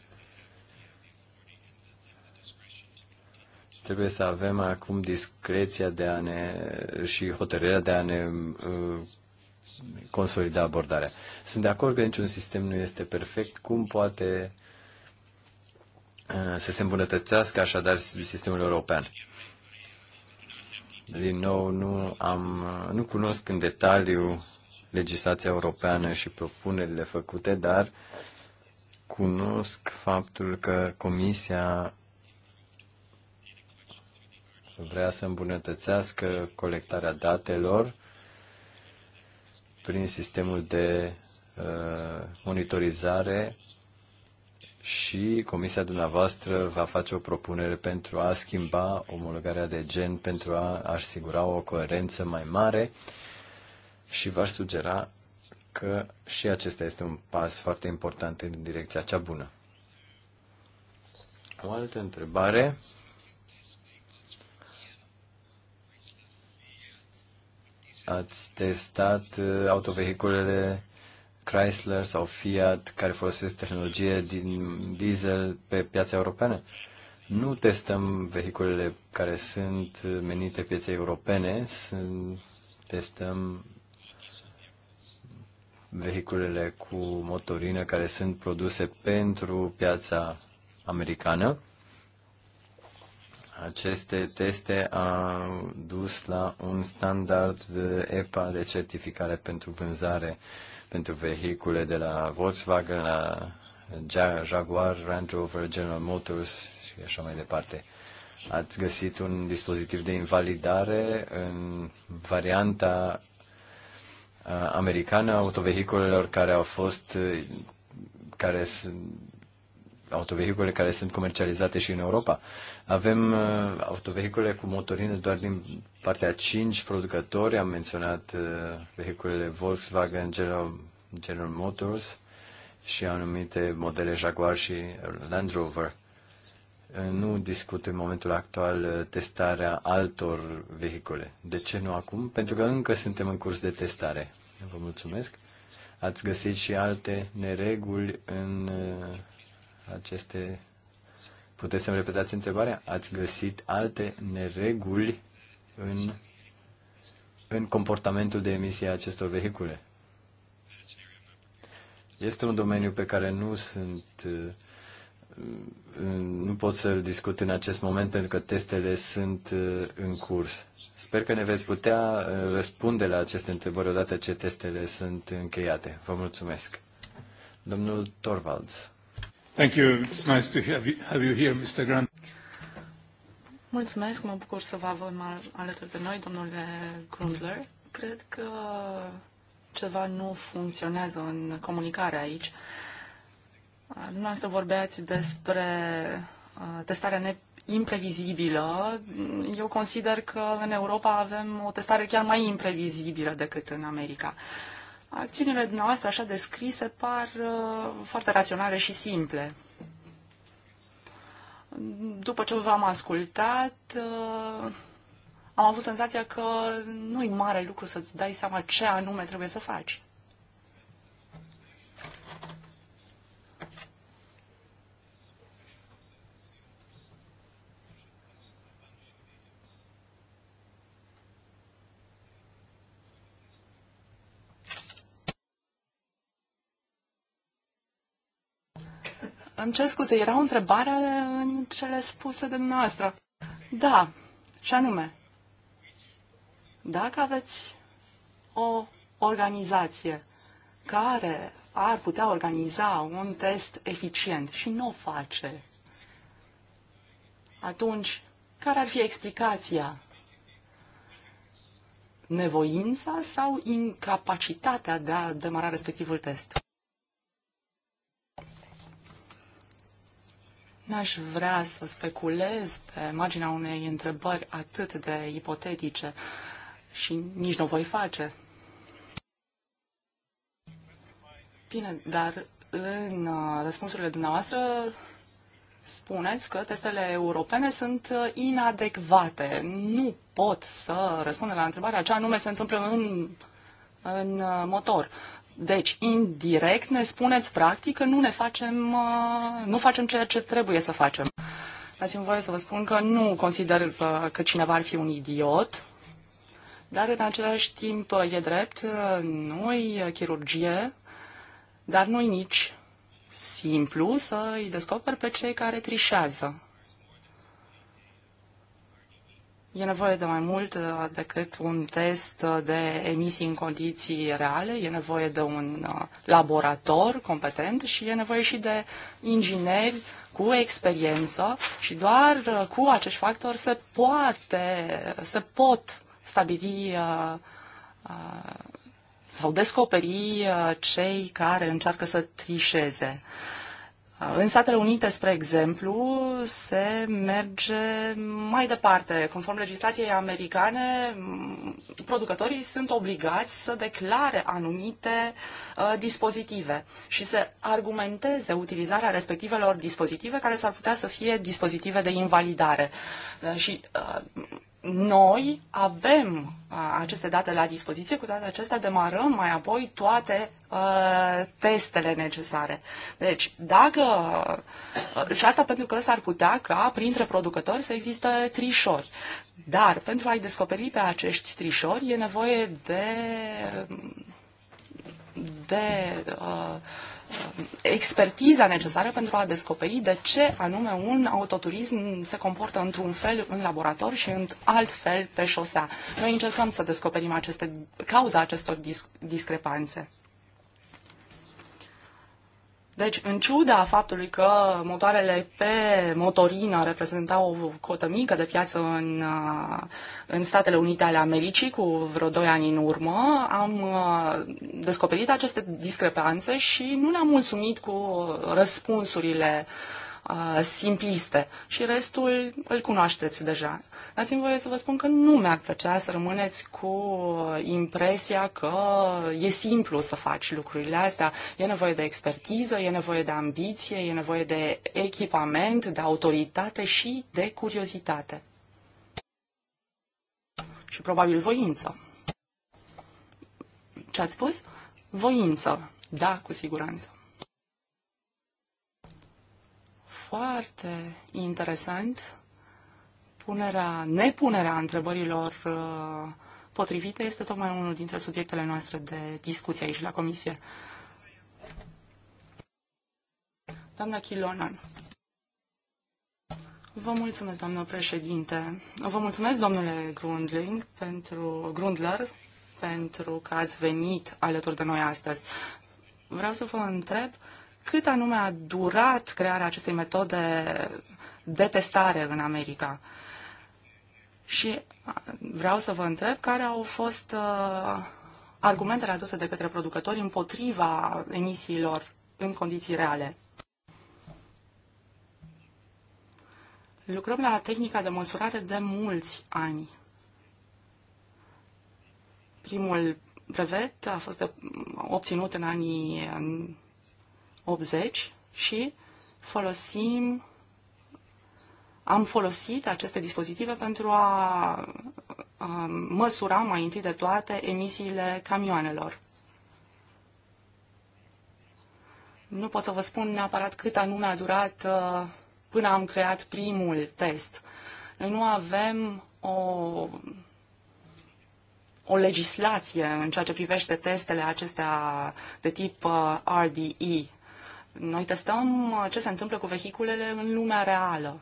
Trebuie să avem acum discreția de a ne, și hotărârea de a ne uh, consolida abordarea. Sunt de acord că niciun sistem nu este perfect. Cum poate uh, să se îmbunătățească așadar sistemul european? Din nou, nu, am, nu cunosc în detaliu legislația europeană și propunerile făcute, dar cunosc faptul că Comisia vrea să îmbunătățească colectarea datelor prin sistemul de uh, monitorizare și comisia dumneavoastră va face o propunere pentru a schimba omologarea de gen pentru a asigura o coerență mai mare și v-aș sugera că și acesta este un pas foarte important în direcția cea bună. O altă întrebare ați testat uh, autovehiculele Chrysler sau Fiat care folosesc tehnologie din diesel pe piața europeană? Nu testăm vehiculele care sunt menite pieței europene, sunt, testăm vehiculele cu motorină care sunt produse pentru piața americană aceste teste au dus la un standard de EPA de certificare pentru vânzare pentru vehicule de la Volkswagen, la Jaguar, Range Rover, General Motors și așa mai departe. Ați găsit un dispozitiv de invalidare în varianta uh, americană a autovehiculelor care au fost uh, care autovehicule care sunt comercializate și în Europa. Avem uh, autovehicule cu motorină doar din partea 5 producători, am menționat uh, vehiculele Volkswagen, General, General Motors și anumite modele Jaguar și Land Rover. Uh, nu discut în momentul actual testarea altor vehicule. De ce nu acum? Pentru că încă suntem în curs de testare. Vă mulțumesc ați găsit și alte nereguli în aceste... Puteți să-mi repetați întrebarea? Ați găsit alte nereguli în, în comportamentul de emisie a acestor vehicule? Este un domeniu pe care nu sunt uh, nu pot să-l discut în acest moment pentru că testele sunt uh, în curs. Sper că ne veți putea uh, răspunde la aceste întrebări odată ce testele sunt încheiate. Vă mulțumesc. Domnul Torvalds. Thank you. It's nice to have you, have you here, Mr. Grant. Mulțumesc, mă bucur să vă avem alături de noi, domnule Grundler. Cred că ceva nu funcționează în comunicare aici. Dumneavoastră vorbeați despre uh, testarea imprevizibilă. Eu consider că în Europa avem o testare chiar mai imprevizibilă decât în America. Uh, Acțiunile dumneavoastră așa descrise par uh, foarte raționale și simple. După ce v-am ascultat, uh, am avut senzația că nu-i mare lucru să-ți dai seama ce anume trebuie să faci. Îmi cer scuze, era o întrebare în cele spuse de dumneavoastră. Da, și anume, dacă aveți o organizație care ar putea organiza un test eficient și nu o face, atunci care ar fi explicația? Nevoința sau incapacitatea de a demara respectivul test? N-aș vrea să speculez pe marginea unei întrebări atât de ipotetice și nici nu o voi face. Bine, dar în uh, răspunsurile dumneavoastră spuneți că testele europene sunt uh, inadecvate. Nu pot să răspund la întrebarea ce anume se întâmplă în, în uh, motor. Uh, deci, indirect, ne spuneți practic că nu ne facem, uh, nu facem ceea ce trebuie să facem. Dați-mi voie să vă spun că nu consider uh, că cineva ar fi un idiot, dar în același timp uh, e drept, nu e chirurgie, dar nu e nici simplu să îi descoperi pe cei care trișează. E nevoie de mai mult uh, decât un test uh, de emisii în condiții reale, e nevoie de un uh, laborator competent și e nevoie și de ingineri cu experiență și doar cu acești factori se poate, se pot stabili sau descoperi cei care încearcă să trișeze. În Statele Unite, spre exemplu, se merge mai departe. Conform legislației americane, producătorii sunt obligați să declare anumite uh, dispozitive și să argumenteze utilizarea respectivelor dispozitive care s-ar putea să fie dispozitive de invalidare. Uh, și uh, noi avem uh, aceste date la dispoziție, cu toate acestea demarăm mai apoi toate uh, testele necesare. Deci, dacă. Uh, și asta pentru că s-ar putea ca printre producători să există trișori. Dar pentru a-i descoperi pe acești trișori e nevoie de. de. Uh, expertiza necesară pentru a descoperi de ce anume un autoturism se comportă într-un fel în laborator și în alt fel pe șosea. Noi încercăm să descoperim aceste, cauza acestor discrepanțe. Deci, în ciuda faptului că motoarele pe motorină reprezentau o cotă mică de piață în, în Statele Unite ale Americii cu vreo 2 ani în urmă, am uh, descoperit aceste discrepanțe și nu ne-am mulțumit cu răspunsurile uh, simpliste și restul îl cunoașteți deja. Dați-mi voie să vă spun că nu mi-ar plăcea să rămâneți cu impresia că e simplu să faci lucrurile astea. E nevoie de expertiză, e nevoie de ambiție, e nevoie de echipament, de autoritate și de curiozitate. Și probabil voință. Ce ați spus? Voință. Da, cu siguranță. foarte interesant. Punerea, nepunerea întrebărilor uh, potrivite este tocmai unul dintre subiectele noastre de discuție aici la Comisie. Doamna Chilonan. Vă mulțumesc, doamnă președinte. Vă mulțumesc, domnule Grundling, pentru, Grundler, pentru că ați venit alături de noi astăzi. Vreau să vă întreb uh, cât anume a durat crearea acestei metode de testare în America. Și vreau să vă întreb care au fost uh, argumentele aduse de către producători împotriva emisiilor în condiții reale. Lucrăm la tehnica de măsurare de mulți ani. Primul brevet a fost de, obținut în anii 80 și folosim am folosit aceste dispozitive pentru a, a măsura mai întâi de toate emisiile camioanelor. Nu pot să vă spun neapărat cât anume a durat uh, până am creat primul test. Noi nu avem o, o legislație în ceea ce privește testele acestea de tip uh, RDE, noi testăm uh, ce se întâmplă cu vehiculele în lumea reală.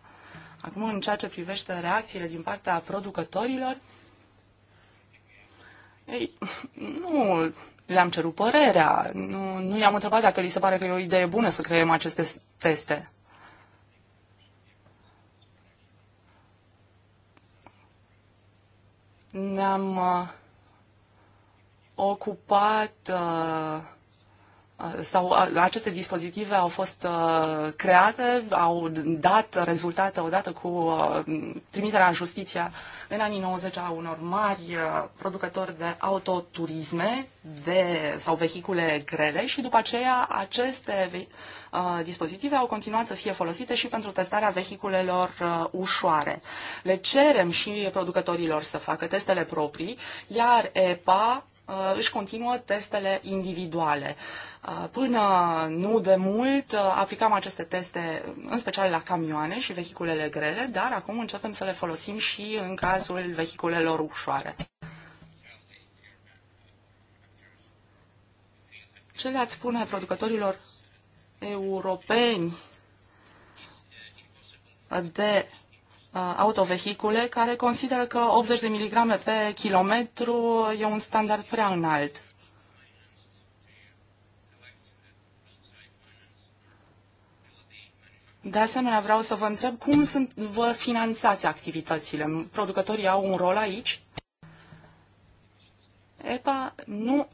Acum, în ceea ce privește reacțiile din partea producătorilor, ei, nu le-am cerut părerea, nu, nu i-am întrebat dacă li se pare că e o idee bună să creăm aceste teste. Ne-am uh, ocupat uh, sau aceste dispozitive au fost uh, create, au dat rezultate odată cu uh, trimiterea în justiția în anii 90 a unor mari uh, producători de autoturisme de, sau vehicule grele și după aceea aceste dispozitive au continuat să fie folosite și pentru testarea vehiculelor ușoare. Le cerem și producătorilor să facă testele proprii, iar EPA își continuă testele individuale. Uh, Uh, până nu de mult uh, aplicam aceste teste în special la camioane și vehiculele grele, dar acum începem să le folosim și în cazul vehiculelor ușoare. Ce le-ați spune producătorilor europeni de uh, autovehicule care consideră că 80 de miligrame pe kilometru e un standard prea înalt. De asemenea, vreau să vă întreb cum sunt, vă finanțați activitățile? Producătorii au un rol aici? EPA nu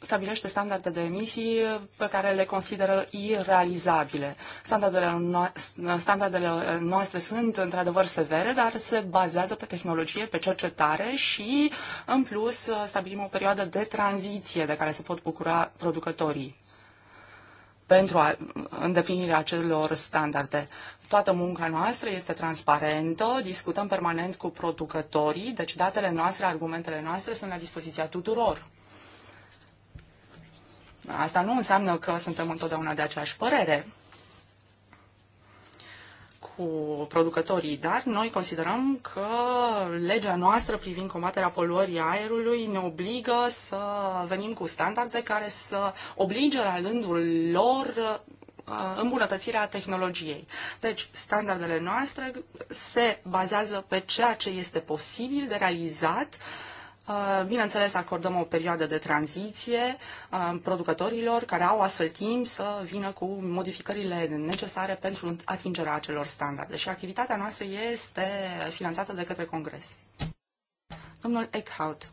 stabilește standarde de emisii pe care le consideră irealizabile. Standardele, no- standardele noastre sunt într-adevăr severe, dar se bazează pe tehnologie, pe cercetare și, în plus, stabilim o perioadă de tranziție de care se pot bucura producătorii pentru a, îndeplinirea acelor standarde. Toată munca noastră este transparentă, discutăm permanent cu producătorii, deci datele noastre, argumentele noastre sunt la dispoziția tuturor. Asta nu înseamnă că suntem întotdeauna de aceeași părere cu producătorii, dar noi considerăm că legea noastră privind combaterea poluării aerului ne obligă să venim cu standarde care să oblige la rândul lor uh, îmbunătățirea tehnologiei. Deci, standardele noastre se bazează pe ceea ce este posibil de realizat uh, Uh, bineînțeles, acordăm o perioadă de tranziție uh, producătorilor care au astfel timp să vină cu modificările necesare pentru atingerea acelor standarde. Și activitatea noastră este finanțată de către Congres. Domnul Eckhout.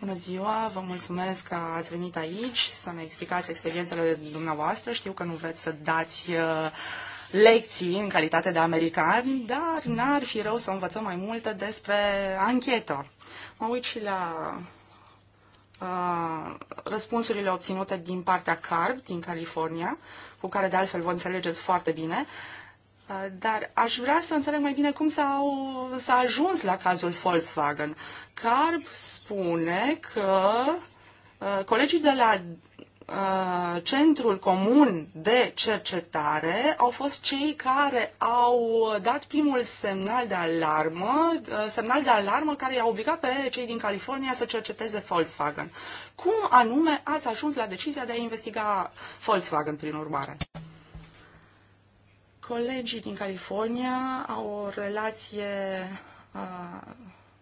Bună ziua, vă mulțumesc că ați venit aici să ne explicați experiențele dumneavoastră. Știu că nu vreți să dați uh, lecții în calitate de americani, dar n-ar fi rău să învățăm mai multe despre anchetă. Mă uit și la uh, răspunsurile obținute din partea CARB din California, cu care de altfel vă înțelegeți foarte bine, uh, dar aș vrea să înțeleg mai bine cum s-a ajuns la cazul Volkswagen. CARB spune că uh, colegii de la Centrul Comun de Cercetare au fost cei care au dat primul semnal de alarmă, semnal de alarmă care i-a obligat pe cei din California să cerceteze Volkswagen. Cum anume ați ajuns la decizia de a investiga Volkswagen, prin urmare? Colegii din California au o relație uh,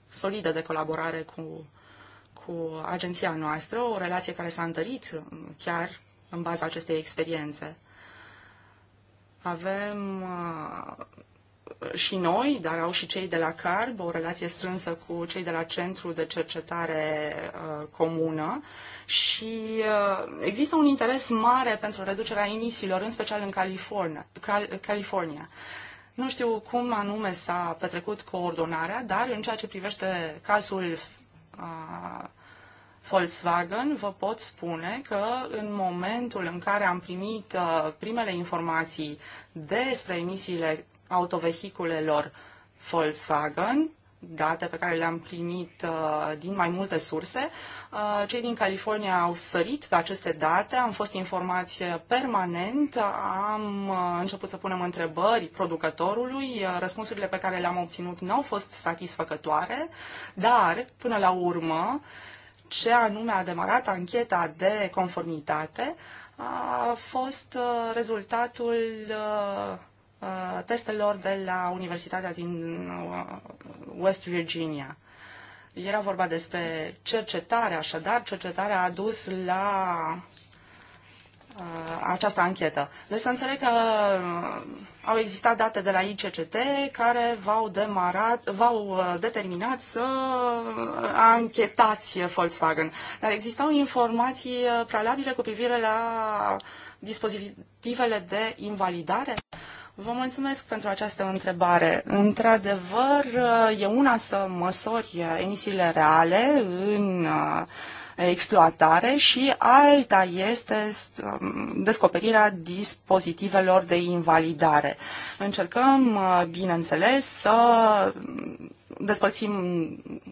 solidă de colaborare cu cu agenția noastră, o relație care s-a întărit chiar în baza acestei experiențe. Avem uh, și noi, dar au și cei de la CARB, o relație strânsă cu cei de la Centrul de Cercetare uh, Comună și uh, există un interes mare pentru reducerea emisiilor, în special în California. California. Nu știu cum anume s-a petrecut coordonarea, dar în ceea ce privește cazul Volkswagen, vă pot spune că în momentul în care am primit uh, primele informații despre emisiile autovehiculelor Volkswagen, date pe care le-am primit uh, din mai multe surse. Uh, cei din California au sărit pe aceste date, am fost informați permanent, am uh, început să punem întrebări producătorului, uh, răspunsurile pe care le-am obținut nu au fost satisfăcătoare, dar până la urmă ce anume a demarat ancheta de conformitate a fost uh, rezultatul uh, uh, testelor de la Universitatea din West Virginia. Era vorba despre cercetare, așadar, cercetarea a dus la această anchetă. Deci să înțeleg că au existat date de la ICCT care v-au, demarat, v-au uh, determinat să uh, anchetați Volkswagen. Dar existau informații uh, prealabile cu privire la dispozitivele de invalidare? Vă mulțumesc pentru această întrebare. Într-adevăr, e una să măsori emisiile reale în exploatare și alta este um, descoperirea dispozitivelor de invalidare. Încercăm, uh, bineînțeles, să despărțim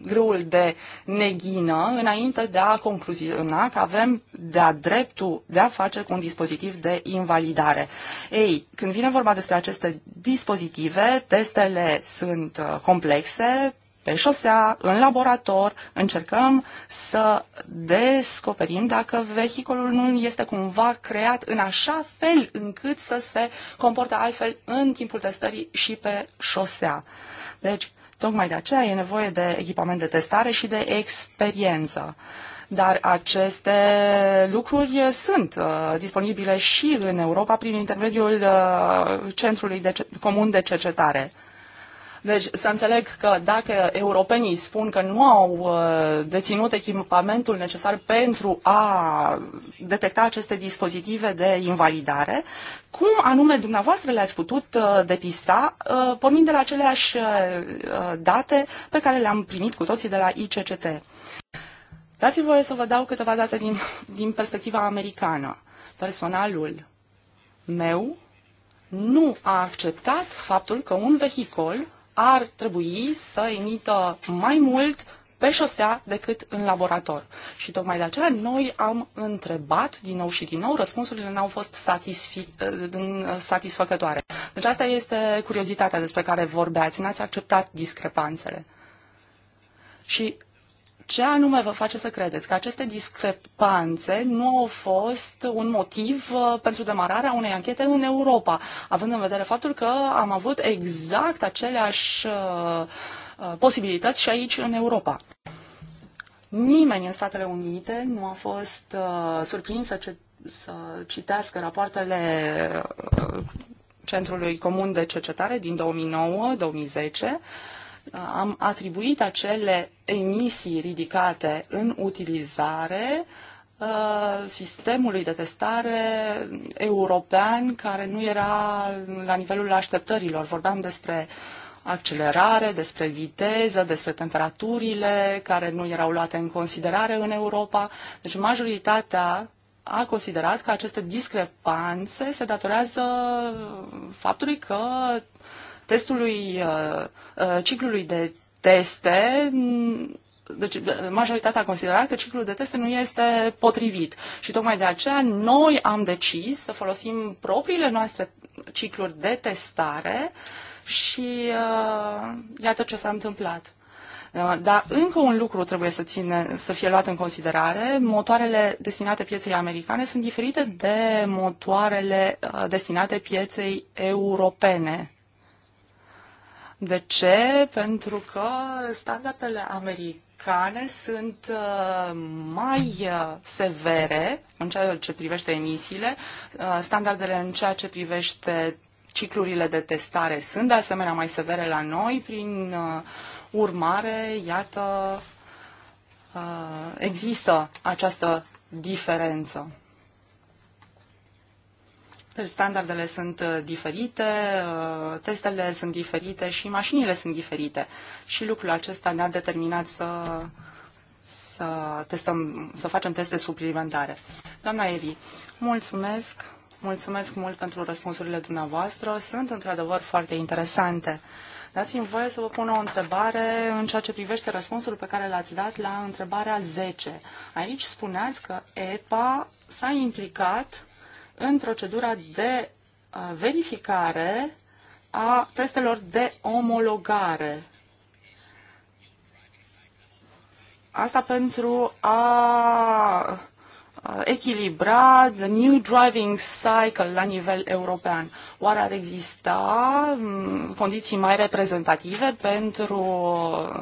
grâul de neghină înainte de a concluziona că avem de-a dreptul de a face cu un dispozitiv de invalidare. Ei, când vine vorba despre aceste dispozitive, testele sunt uh, complexe, pe șosea, în laborator, încercăm să descoperim dacă vehiculul nu este cumva creat în așa fel încât să se comporte altfel în timpul testării și pe șosea. Deci, tocmai de aceea e nevoie de echipament de testare și de experiență dar aceste lucruri sunt uh, disponibile și în Europa prin intermediul uh, Centrului de Ce- Comun de Cercetare. Deci să înțeleg că dacă europenii spun că nu au uh, deținut echipamentul necesar pentru a detecta aceste dispozitive de invalidare, cum anume dumneavoastră le-ați putut uh, depista uh, pornind de la aceleași date pe care le-am primit cu toții de la ICCT? Dați-mi voie să vă dau câteva date din, din perspectiva americană. Personalul meu nu a acceptat faptul că un vehicol ar trebui să emită mai mult pe șosea decât în laborator. Și tocmai de aceea noi am întrebat din nou și din nou, răspunsurile n-au fost satisfăcătoare. Deci asta este curiozitatea despre care vorbeați, n-ați acceptat discrepanțele. Și ce anume vă face să credeți că aceste discrepanțe nu au fost un motiv uh, pentru demararea unei anchete în Europa, având în vedere faptul că am avut exact aceleași uh, uh, posibilități și aici în Europa? Nimeni în Statele Unite nu a fost uh, surprins să, ce- să citească rapoartele uh, Centrului Comun de Cercetare din 2009-2010 am atribuit acele emisii ridicate în utilizare uh, sistemului de testare european care nu era la nivelul așteptărilor. Vorbeam despre accelerare, despre viteză, despre temperaturile care nu erau luate în considerare în Europa. Deci majoritatea a considerat că aceste discrepanțe se datorează faptului că testului, uh, uh, ciclului de teste deci majoritatea a considerat că ciclul de teste nu este potrivit și tocmai de aceea noi am decis să folosim propriile noastre cicluri de testare și uh, iată ce s-a întâmplat. Uh, dar încă un lucru trebuie să, ține, să fie luat în considerare. Motoarele destinate pieței americane sunt diferite de motoarele uh, destinate pieței europene. De ce? Pentru că standardele americane sunt uh, mai uh, severe în ceea ce privește emisiile, uh, standardele în ceea ce privește ciclurile de testare sunt de asemenea mai severe la noi, prin urmare, iată, există această diferență standardele sunt uh, diferite, uh, testele sunt diferite și mașinile sunt diferite. Și lucrul acesta ne-a determinat să, să, testăm, să facem teste suplimentare. Doamna Evi, mulțumesc, mulțumesc mult pentru răspunsurile dumneavoastră. Sunt într-adevăr foarte interesante. Dați-mi voie să vă pun o întrebare în ceea ce privește răspunsul pe care l-ați dat la întrebarea 10. Aici spuneați că EPA s-a implicat în procedura de uh, verificare a testelor de omologare. Asta pentru a Uh, echilibra the new driving cycle la nivel european? Oare ar exista mm, condiții mai reprezentative pentru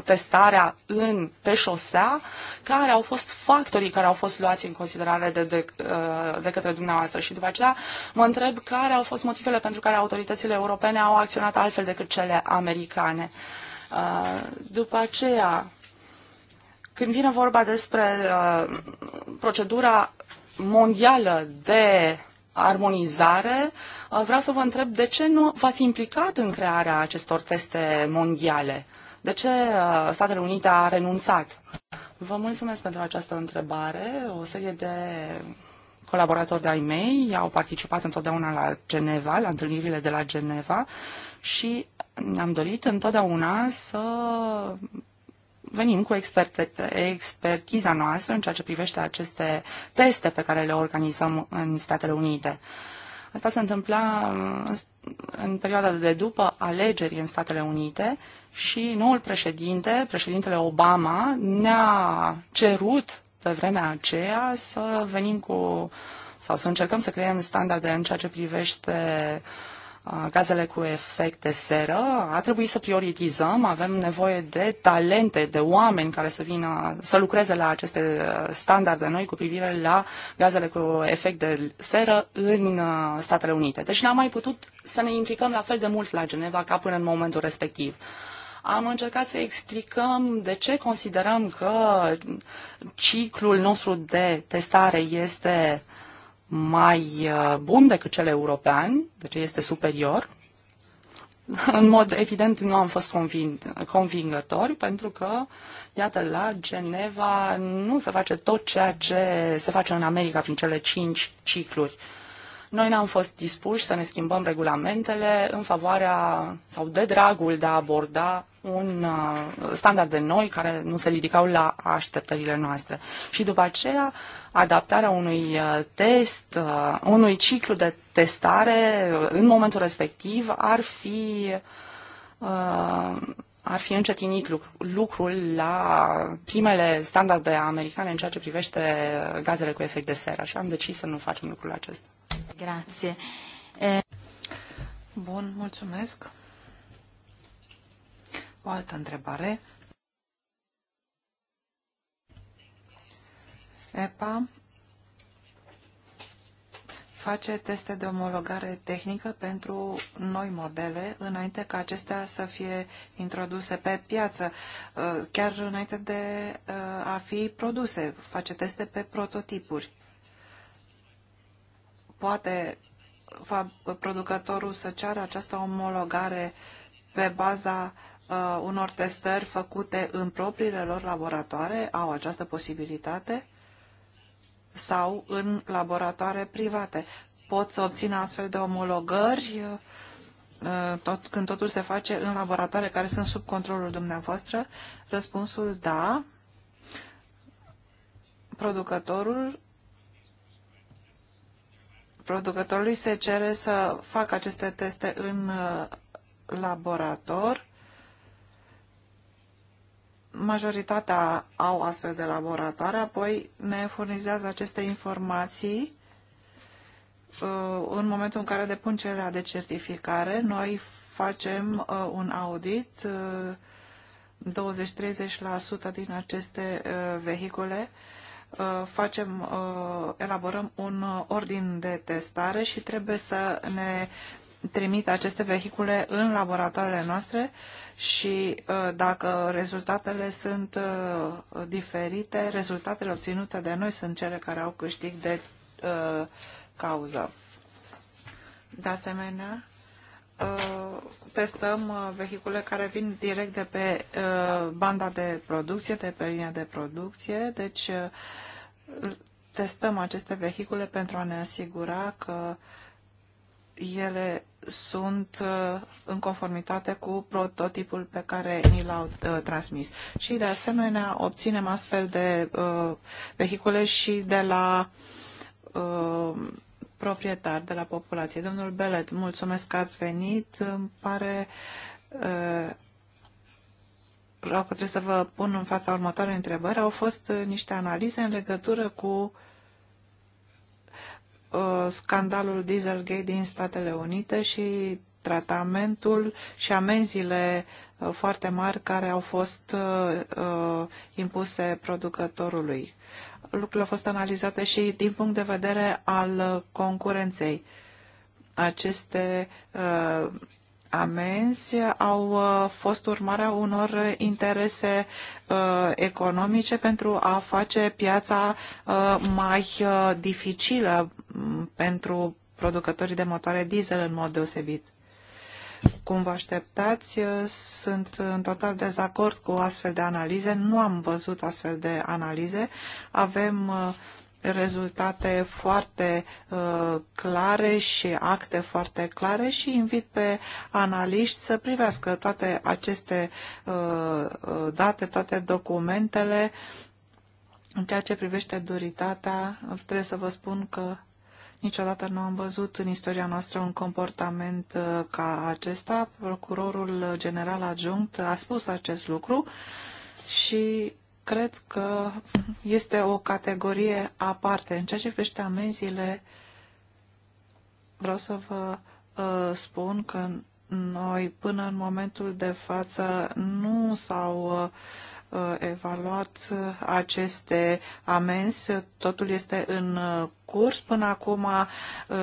testarea în, pe șosea? Care au fost factorii care au fost luați în considerare de, de, uh, de către dumneavoastră? Și după aceea mă întreb care au fost motivele pentru care autoritățile europene au acționat altfel decât cele americane. Uh, după aceea, când vine vorba despre uh, procedura mondială de armonizare, uh, vreau să vă întreb de ce nu v-ați implicat în crearea acestor teste mondiale? De ce uh, Statele Unite a renunțat? Vă mulțumesc pentru această întrebare. O serie de colaboratori de-ai mei au participat întotdeauna la Geneva, la întâlnirile de la Geneva și ne-am dorit întotdeauna să venim cu expertiza noastră în ceea ce privește aceste teste pe care le organizăm în Statele Unite. Asta se întâmpla în perioada de după alegeri în Statele Unite și noul președinte, președintele Obama, ne-a cerut pe vremea aceea să venim cu sau să încercăm să creăm standarde în ceea ce privește uh, gazele cu efect de seră, a trebuit să prioritizăm, avem nevoie de talente, de oameni care să vină să lucreze la aceste uh, standarde noi cu privire la gazele cu efect de seră în uh, Statele Unite. Deci n-am mai putut să ne implicăm la fel de mult la Geneva ca până în momentul respectiv am încercat să explicăm de ce considerăm că ciclul nostru de testare este mai uh, bun decât cel european, deci este superior. În mod evident nu am fost convingători pentru că, iată, la Geneva nu se face tot ceea ce se face în America prin cele cinci cicluri. Noi n-am fost dispuși să ne schimbăm regulamentele în favoarea sau de dragul de a aborda un uh, standard de noi care nu se ridicau la așteptările noastre. Și după aceea, adaptarea unui uh, test, uh, unui ciclu de testare în momentul respectiv ar fi uh, ar fi încetinit lucrul la primele standarde americane în ceea ce privește gazele cu efect de seră și am decis să nu facem lucrul acesta. Grație. Bun, mulțumesc. O altă întrebare EPA face teste de omologare tehnică pentru noi modele, înainte ca acestea să fie introduse pe piață, uh, chiar înainte de uh, a fi produse, face teste pe prototipuri. Poate uh, producătorul să ceară această omologare pe baza unor testări făcute în propriile lor laboratoare, au această posibilitate sau în laboratoare private. Pot să obțină astfel de omologări uh, uh, tot, când totul se face în laboratoare care sunt sub controlul dumneavoastră? Răspunsul da. Producătorul producătorului se cere să facă aceste teste în uh, laborator majoritatea au astfel de laboratoare, apoi ne furnizează aceste informații uh, în momentul în care depun cererea de certificare. Noi facem uh, un audit 20-30% uh, din aceste vehicule facem, elaborăm un ordin de testare și trebuie să ne trimit aceste vehicule în laboratoarele noastre și uh, dacă rezultatele sunt uh, diferite, rezultatele obținute de noi sunt cele care au câștig de uh, cauză. De asemenea, uh, testăm uh, vehicule care vin direct de pe uh, banda de producție, de pe linia de producție, deci testăm aceste vehicule pentru a ne asigura că ele sunt uh, în conformitate cu prototipul pe care ni l-au uh, transmis. Și de asemenea obținem astfel de uh, vehicule și de la proprietari, de la populație. Domnul Belet, mulțumesc că ați venit. Îmi pare rău că trebuie să vă pun în fața următoarei întrebări. Au fost niște analize în legătură cu uh, uh, scandalul Dieselgate din Statele Unite și tratamentul și amenziile uh, foarte mari care au fost uh, uh impuse producătorului. Lucrurile au fost analizate și din punct de vedere al uh, concurenței. Aceste uh, amenzi au uh, fost urmarea unor interese uh, economice pentru a face piața uh, mai dificilă pentru producătorii de motoare diesel în mod deosebit. Cum vă așteptați, sunt în total dezacord cu astfel de analize. Nu am văzut astfel de analize. Avem rezultate foarte uh, clare și acte foarte clare și invit pe analiști să privească toate aceste uh, date, toate documentele. În ceea ce privește duritatea, trebuie să vă spun că Niciodată nu am văzut în istoria noastră un comportament uh, ca acesta. Procurorul general adjunct a spus acest lucru și cred că este o categorie aparte. În ceea ce privește amenziile, vreau să vă uh, spun că noi, până în momentul de față, nu s-au uh, Uh, evaluat uh, aceste amenzi. Totul este în uh, curs. Până acum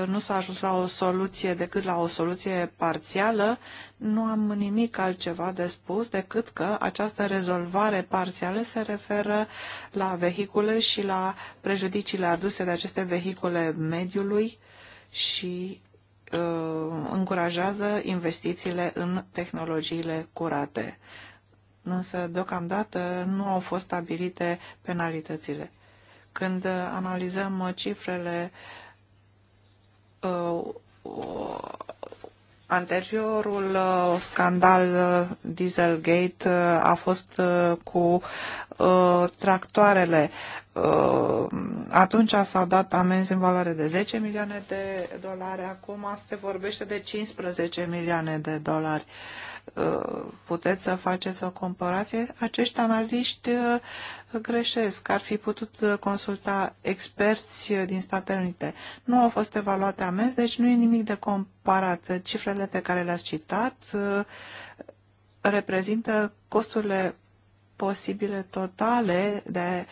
nu s-a ajuns la o soluție decât la o soluție parțială. Nu am nimic altceva de spus decât că această rezolvare parțială se referă la vehicule și la prejudiciile aduse de aceste vehicule mediului și încurajează investițiile în tehnologiile curate însă deocamdată nu au fost stabilite penalitățile. Când analizăm cifrele uh, Anteriorul uh, scandal uh, Dieselgate uh, a fost uh, cu Uh, tractoarele. Uh, atunci s-au dat amenzi în valoare de 10 milioane de dolari, acum se vorbește de 15 milioane de dolari. Uh, puteți să faceți o comparație? Acești analiști greșesc. Ar fi putut consulta experți din Statele Unite. Nu au fost evaluate amenzi, deci nu e nimic de comparat. Cifrele pe care le-ați citat reprezintă costurile posibile totale de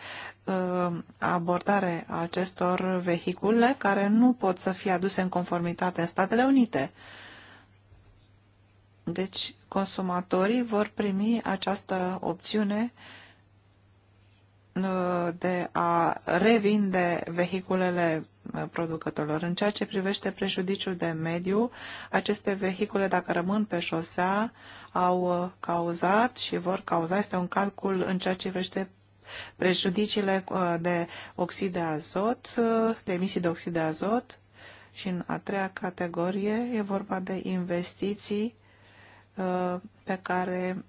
uh, abordare a acestor vehicule care nu pot să fie aduse în conformitate în Statele Unite. Deci, consumatorii vor primi această opțiune uh, de a revinde vehiculele Uh, producătorilor. În ceea ce privește prejudiciul de mediu, aceste vehicule, dacă rămân pe șosea, au uh, cauzat și vor cauza, este un calcul în ceea ce privește prejudiciile uh, de oxid de azot, de emisii de oxid de azot și în a treia categorie e vorba de investiții pe care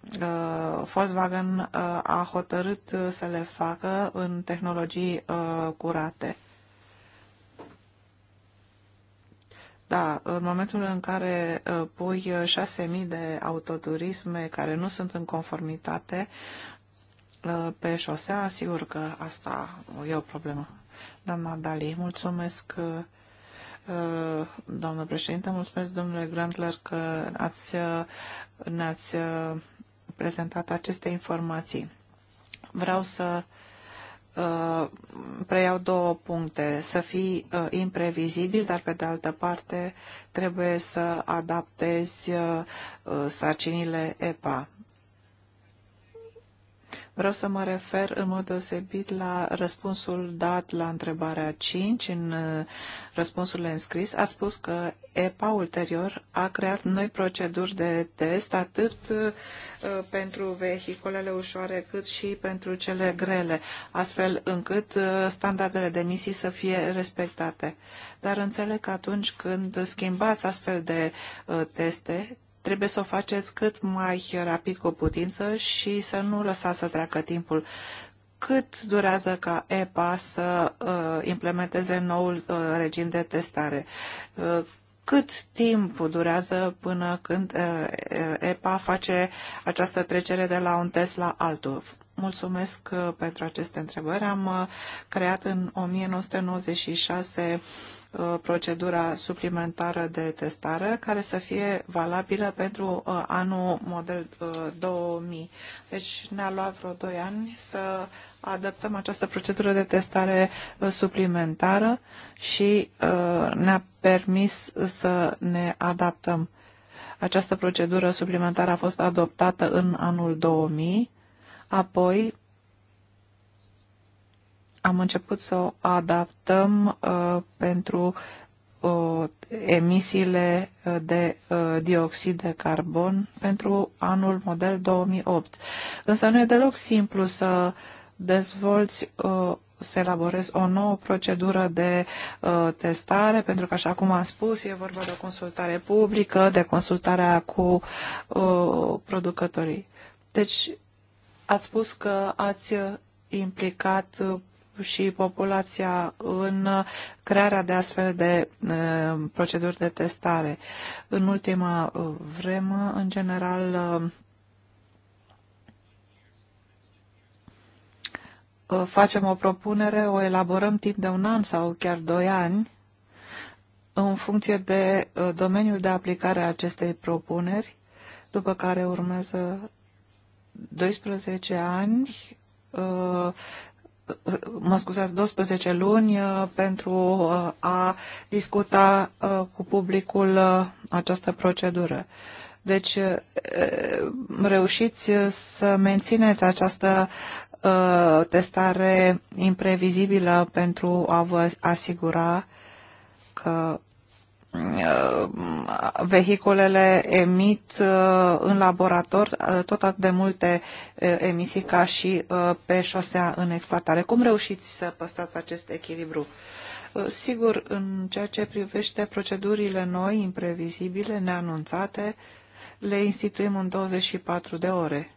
Volkswagen a hotărât să le facă în tehnologii curate. Da, în momentul în care uh, pui 6.000 uh, de autoturisme care nu sunt în conformitate uh, pe șosea, sigur că asta e o problemă. Doamna Dali, mulțumesc doamnă președinte, mulțumesc domnule Grandler că ați, ne-ați prezentat aceste informații. Vreau să Uh, preiau două puncte. Să fii uh, imprevizibil, dar pe de altă parte trebuie să adaptezi uh, sarcinile EPA. Vreau să mă refer în mod deosebit la răspunsul dat la întrebarea 5 în uh, răspunsul înscris. A spus că EPA ulterior a creat noi proceduri de test atât uh, pentru vehiculele ușoare cât și pentru cele grele, astfel încât uh, standardele de emisii să fie respectate. Dar înțeleg că atunci când schimbați astfel de teste, trebuie să o faceți cât mai rapid cu putință și să nu lăsați să treacă timpul. Cât durează ca EPA să uh, implementeze noul uh, regim de testare? Uh, cât timp durează până când uh, uh, EPA face această trecere de la un test la altul? Mulțumesc uh, pentru aceste întrebări. Am creat în 1996 Uh, procedura suplimentară de testare care să fie valabilă pentru uh, anul model 2000. Uh, deci ne-a luat vreo 2 ani să adaptăm această procedură de testare suplimentară și ne-a permis să ne adaptăm. Această procedură suplimentară a fost adoptată în anul 2000, apoi am început să o adaptăm uh, pentru uh, emisiile uh, de dioxid de carbon pentru anul model 2008. Însă nu e deloc simplu să dezvolți să elaborez o nouă procedură de uh, testare, pentru că, așa cum am spus, e vorba de o consultare publică, de consultarea cu uh, producătorii. Deci, ați spus că ați implicat și populația în crearea de astfel de uh, proceduri de testare. În ultima uh, vreme, în general, uh, facem o propunere, o elaborăm timp de un an sau chiar doi ani, în funcție de domeniul de aplicare a acestei propuneri, după care urmează 12 ani mă scuzați, 12 luni uh, pentru uh, a discuta uh, cu publicul această procedură. Deci reușiți să mențineți această testare imprevizibilă pentru a vă asigura că Uh, vehiculele emit uh, în laborator uh, tot atât de multe emisii ca și pe șosea în exploatare. Cum reușiți să păstrați acest echilibru? Sigur, în ceea ce privește procedurile noi, imprevizibile, neanunțate, le instituim în 24 de ore.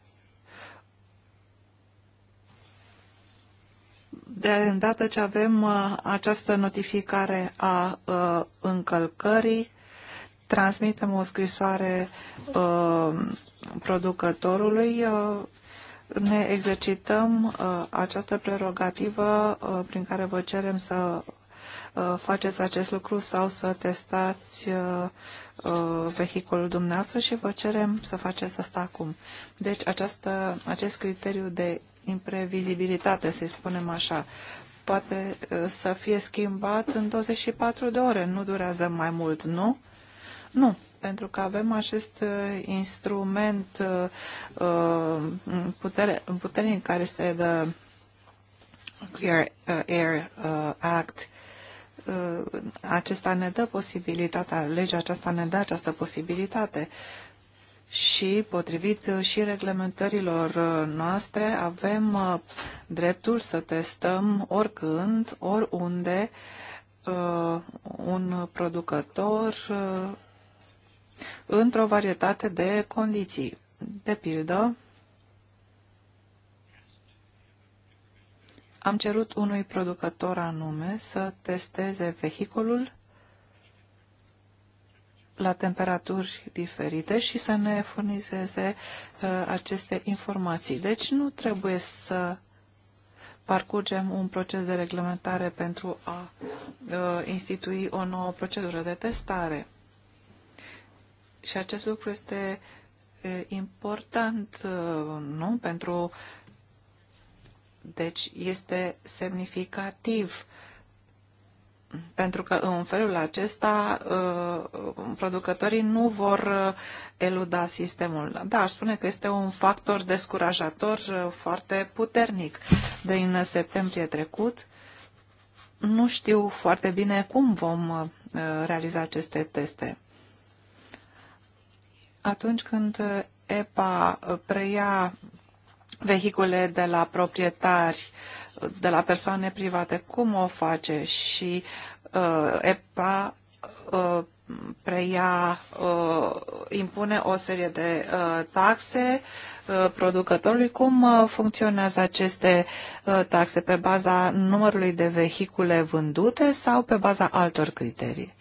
de îndată ce avem uh, această notificare a uh, încălcării, transmitem o scrisoare uh, producătorului ne exercităm această prerogativă prin care vă cerem să faceți acest lucru sau să testați vehiculul dumneavoastră și vă cerem să faceți asta acum. Deci această, acest criteriu de imprevizibilitate, să spunem așa, poate uh, să fie schimbat în 24 de ore, nu durează mai mult, nu? Nu, pentru că avem acest uh, instrument uh, putere, puternic care este de Clear Air Act. Acesta ne dă posibilitatea, legea aceasta ne dă această posibilitate și potrivit uh, și reglementărilor uh, noastre avem uh, dreptul să testăm oricând, oriunde un producător într-o varietate de condiții. De pildă, am cerut unui producător anume să testeze vehiculul la temperaturi diferite și să ne furnizeze uh, aceste informații. Deci nu trebuie să parcurgem un proces de reglementare pentru a uh, institui o nouă procedură de testare. Și acest lucru este uh, important, uh, nu? Pentru. Deci este semnificativ uh, pentru că în felul acesta uh, producătorii nu vor uh, eluda sistemul. Da, aș spune că este un factor descurajator uh, foarte puternic. în septembrie trecut nu știu foarte bine cum vom realiza aceste teste. Atunci când EPA preia vehicule de la proprietari, de la persoane private, cum o face și uh, EPA uh, preia, uh, impune o serie de uh, taxe uh, producătorului. Cum uh, funcționează aceste uh, taxe? Pe baza numărului de vehicule vândute sau pe baza altor criterii?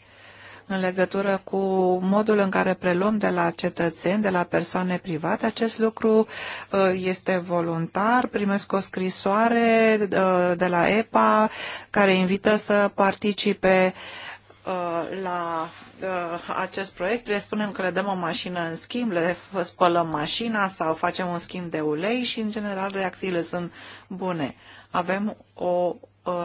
în legătură cu modul în care preluăm de la cetățeni, de la persoane private. Acest lucru uh, este voluntar. Primesc o scrisoare uh, de la EPA care invită să participe uh, la acest proiect, le spunem că le dăm o mașină în schimb, le spălăm mașina sau facem un schimb de ulei și, în general, reacțiile sunt bune. Avem o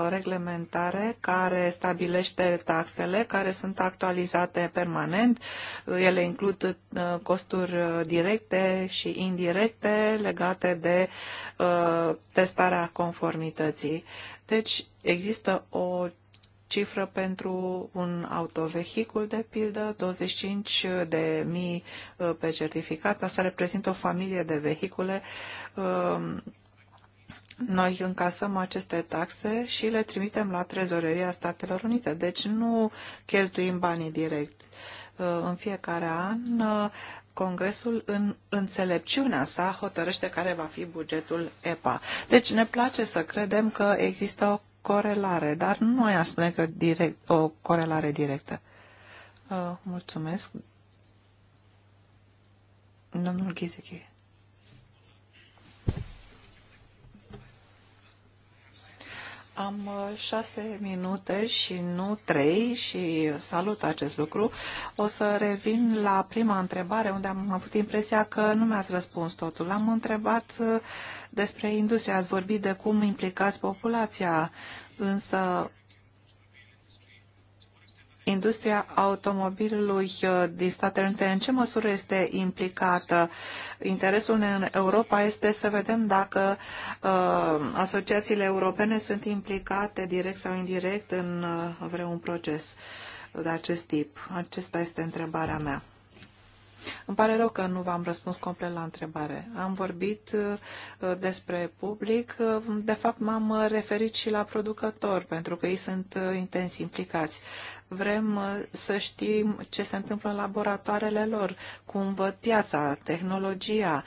reglementare care stabilește taxele, care sunt actualizate permanent. Ele includ uh, costuri uh, directe și indirecte legate de uh, testarea conformității. Deci există o cifră pentru un autovehicul, de pildă, 25 de mii pe certificat. Asta reprezintă o familie de vehicule noi încasăm aceste taxe și le trimitem la trezoreria Statelor Unite, deci nu cheltuim banii direct. Uh, în fiecare an, uh, Congresul în înțelepciunea sa hotărăște care va fi bugetul EPA. Deci ne place să credem că există o corelare, dar nu noi aș spune că direct, o corelare directă. Uh, mulțumesc. Domnul Ghizichie. Am uh, șase minute și nu trei și salut acest lucru. O să revin la prima întrebare unde am avut impresia că nu mi-ați răspuns totul. Am întrebat uh, despre industrie, ați vorbit de cum implicați populația, însă industria automobilului uh, din Statele Unite, în ce măsură este implicată? Interesul în Europa este să vedem dacă uh, asociațiile europene sunt implicate direct sau indirect în uh, vreun proces de acest tip. Acesta este întrebarea mea. Îmi pare rău că nu v-am răspuns complet la întrebare. Am vorbit uh, despre public, uh, de fapt m-am referit și la producători, pentru că ei sunt intens implicați. Vrem uh, să știm ce se întâmplă în laboratoarele lor, cum văd piața, tehnologia,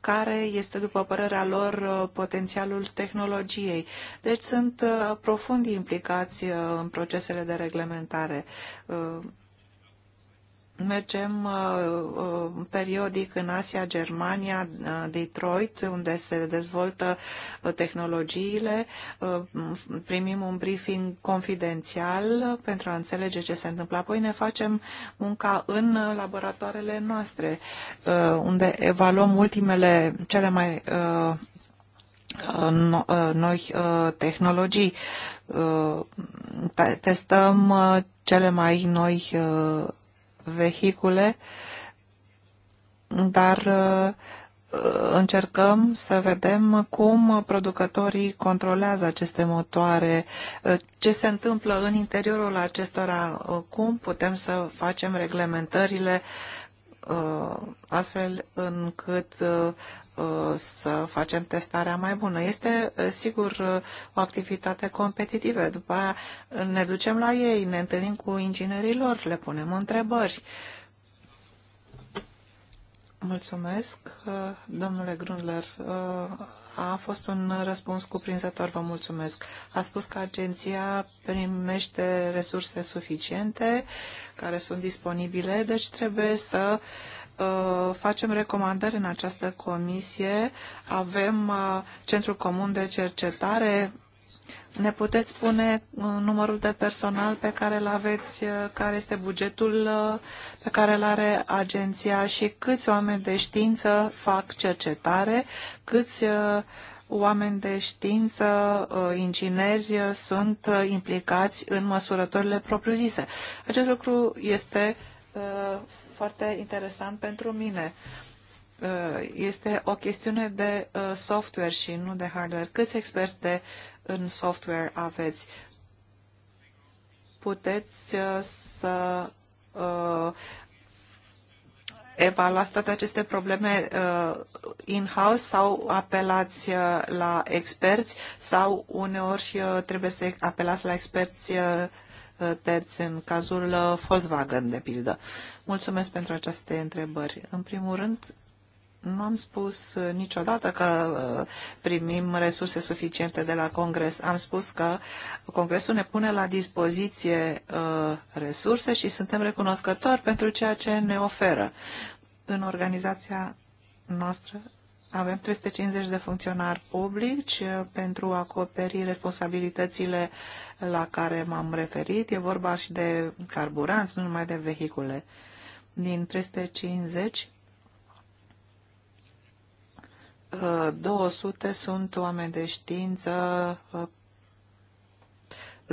care este, după părerea lor, uh, potențialul tehnologiei. Deci sunt uh, profund implicați în procesele de reglementare. Mergem uh, uh, periodic în Asia, Germania, uh, Detroit, unde se dezvoltă uh, tehnologiile. Uh, primim un briefing confidențial pentru a înțelege ce se întâmplă. Apoi ne facem munca în laboratoarele noastre, uh, unde evaluăm ultimele, cele mai noi tehnologii. Testăm cele mai noi vehicule, dar uh, încercăm să vedem cum producătorii controlează aceste motoare, uh, ce se întâmplă în interiorul acestora, uh, cum putem să facem reglementările astfel încât Uh, să facem testarea mai bună. Este, uh, sigur, uh, o activitate competitivă. După aia ne ducem la ei, ne întâlnim cu inginerii lor, le punem întrebări. Mulțumesc, domnule Grunler. A fost un răspuns cuprinzător, vă mulțumesc. A spus că agenția primește resurse suficiente care sunt disponibile, deci trebuie să Uh, facem recomandări în această comisie, avem uh, Centrul Comun de Cercetare. Ne puteți spune uh, numărul de personal pe care îl aveți, care este bugetul pe care îl are agenția și câți oameni de știință fac cercetare, câți oameni de știință, ingineri sunt implicați în măsurătorile propriu-zise. Acest lucru este foarte interesant pentru mine. Uh, este o chestiune de uh, software și nu de hardware. Câți experți de în software aveți? Puteți uh, să evaluați toate aceste probleme uh, in-house sau apelați uh, la experți sau uneori uh, trebuie să apelați la experți uh, terți în cazul uh, Volkswagen, de pildă. Mulțumesc pentru aceste întrebări. În primul rând, nu am spus uh, niciodată că uh, primim resurse suficiente de la Congres. Am spus că Congresul ne pune la dispoziție resurse și suntem recunoscători pentru ceea ce ne oferă. În organizația noastră avem 350 de funcționari publici eh, pentru a acoperi responsabilitățile la care m-am referit. E vorba și de carburanți, nu numai de vehicule. Din 350, 200 eh, sunt oameni de știință eh,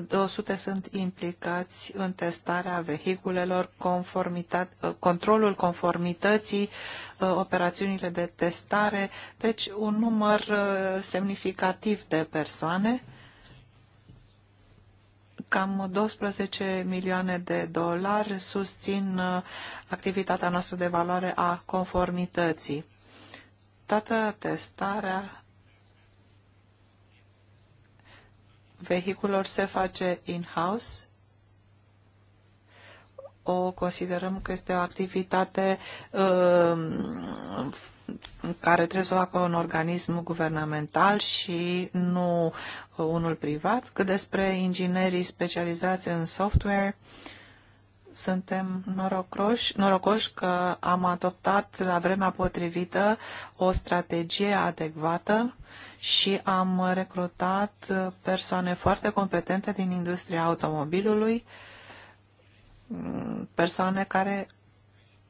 200 sunt implicați în testarea vehiculelor, controlul conformității, uh, operațiunile de testare, deci un număr uh, semnificativ de persoane, cam 12 milioane de dolari susțin uh, activitatea noastră de valoare a conformității. Toată testarea vehiculor se face in-house. O considerăm că este o activitate um, care trebuie să o facă un organism guvernamental și nu unul privat. Cât despre inginerii specializați în software, suntem norocoși, norocoși că am adoptat la vremea potrivită o strategie adecvată și am recrutat persoane foarte competente din industria automobilului, mm, persoane care,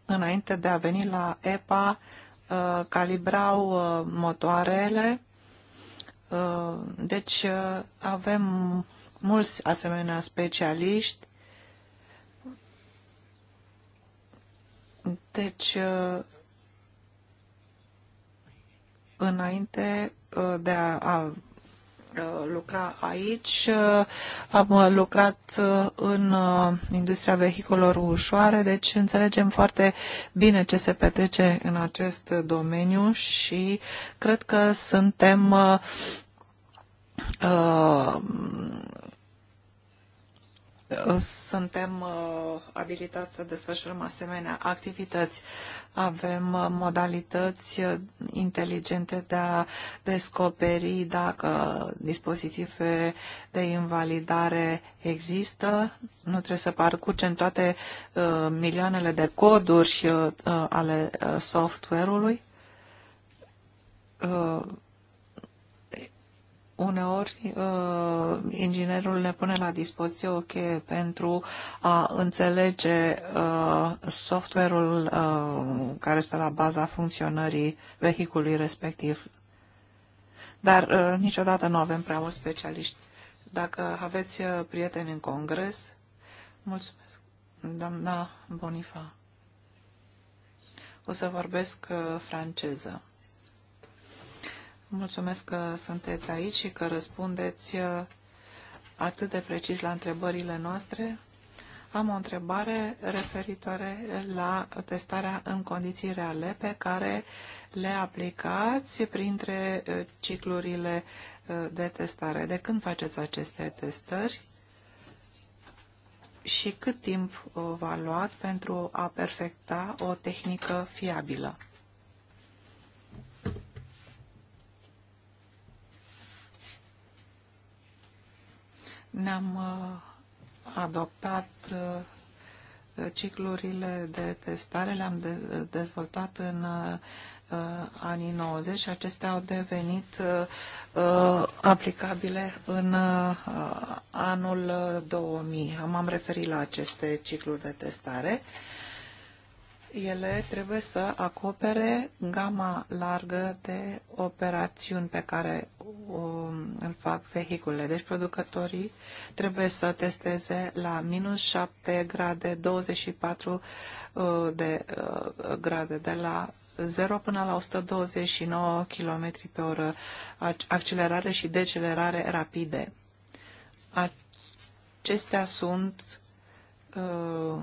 înainte de a veni la EPA, uh, calibrau uh, motoarele. Uh, deci avem mulți asemenea specialiști. Deci, înainte Uh, de a, a uh, lucra aici. Uh, am lucrat în industria vehiculor ușoare, deci înțelegem foarte bine ce se petrece în acest domeniu și cred că suntem suntem uh, abilitați să desfășurăm asemenea activități. Avem uh, modalități uh, inteligente de a descoperi dacă dispozitive de invalidare există. Nu trebuie să parcurgem toate milioanele de coduri ale software-ului uneori uh, inginerul ne pune la dispoziție o cheie pentru a înțelege uh, software-ul uh, care stă la baza funcționării vehicului respectiv. Dar niciodată nu avem prea mulți specialiști. Dacă aveți prieteni în congres, mulțumesc, doamna Bonifa. O să vorbesc franceză. Mulțumesc că sunteți aici și că răspundeți uh, atât de precis la întrebările noastre. Am o întrebare referitoare la testarea în condiții reale pe care le aplicați printre uh, ciclurile uh, de testare. De când faceți aceste testări și cât timp v-a luat pentru a perfecta o tehnică fiabilă? Ne-am uh, adoptat uh, ciclurile de testare, le-am dezvoltat în uh, anii 90 și acestea au devenit aplicabile în anul 2000. M-am referit la aceste cicluri de testare ele trebuie să acopere gama largă de operațiuni pe care um, îl fac vehiculele. Deci producătorii trebuie să testeze la minus 7 grade, 24 uh, de uh, grade, de la 0 până la 129 km pe oră, accelerare și decelerare rapide. Acestea sunt uh,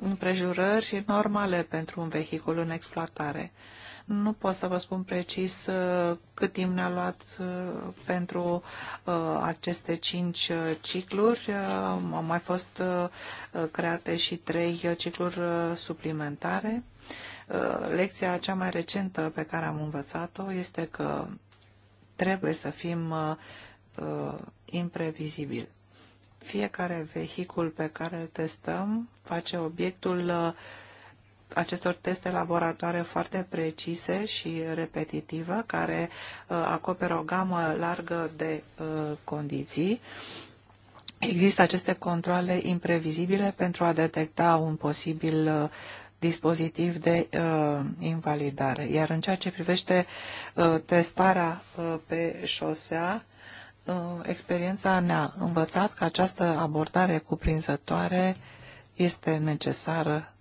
împrejurări normale pentru un vehicul în exploatare. Nu pot să vă spun precis uh, cât timp ne-a luat uh, pentru uh, aceste cinci cicluri. Au mai fost create și trei cicluri suplimentare. Lecția cea mai recentă pe care am învățat-o este că trebuie să fim imprevizibili. Fiecare vehicul pe care testăm face obiectul uh, acestor teste laboratoare foarte precise și repetitive, care uh, acoperă o gamă largă de uh, condiții. Există aceste controle imprevizibile pentru a detecta un posibil dispozitiv de uh, invalidare. Iar în ceea ce privește uh, testarea uh, pe șosea, Uh, experiența ne-a învățat că această abordare cuprinzătoare este necesară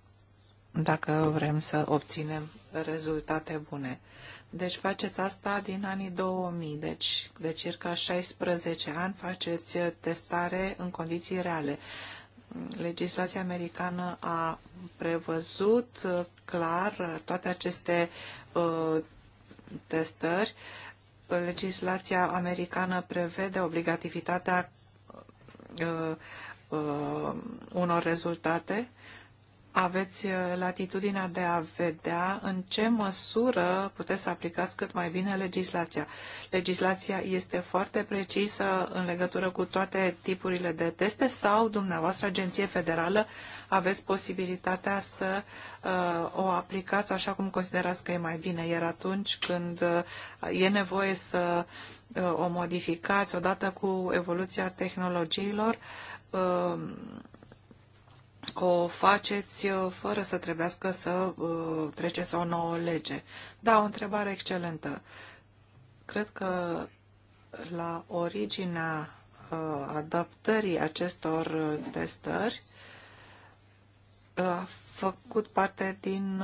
dacă vrem să obținem rezultate bune. Deci faceți asta din anii 2000, deci de circa 16 ani faceți testare în condiții reale. Legislația americană a prevăzut uh, clar toate aceste uh, testări. Uh, legislația americană prevede obligativitatea uh, uh, unor rezultate aveți uh, latitudinea de a vedea în ce măsură puteți să aplicați cât mai bine legislația. Legislația este foarte precisă în legătură cu toate tipurile de teste sau dumneavoastră, Agenție Federală, aveți posibilitatea să uh, o aplicați așa cum considerați că e mai bine, iar atunci când uh, e nevoie să uh, o modificați odată cu evoluția tehnologiilor, uh, o faceți uh, fără să trebuiască să uh, treceți o nouă lege. Da, o întrebare excelentă. Cred că la originea uh, adaptării acestor testări a făcut parte din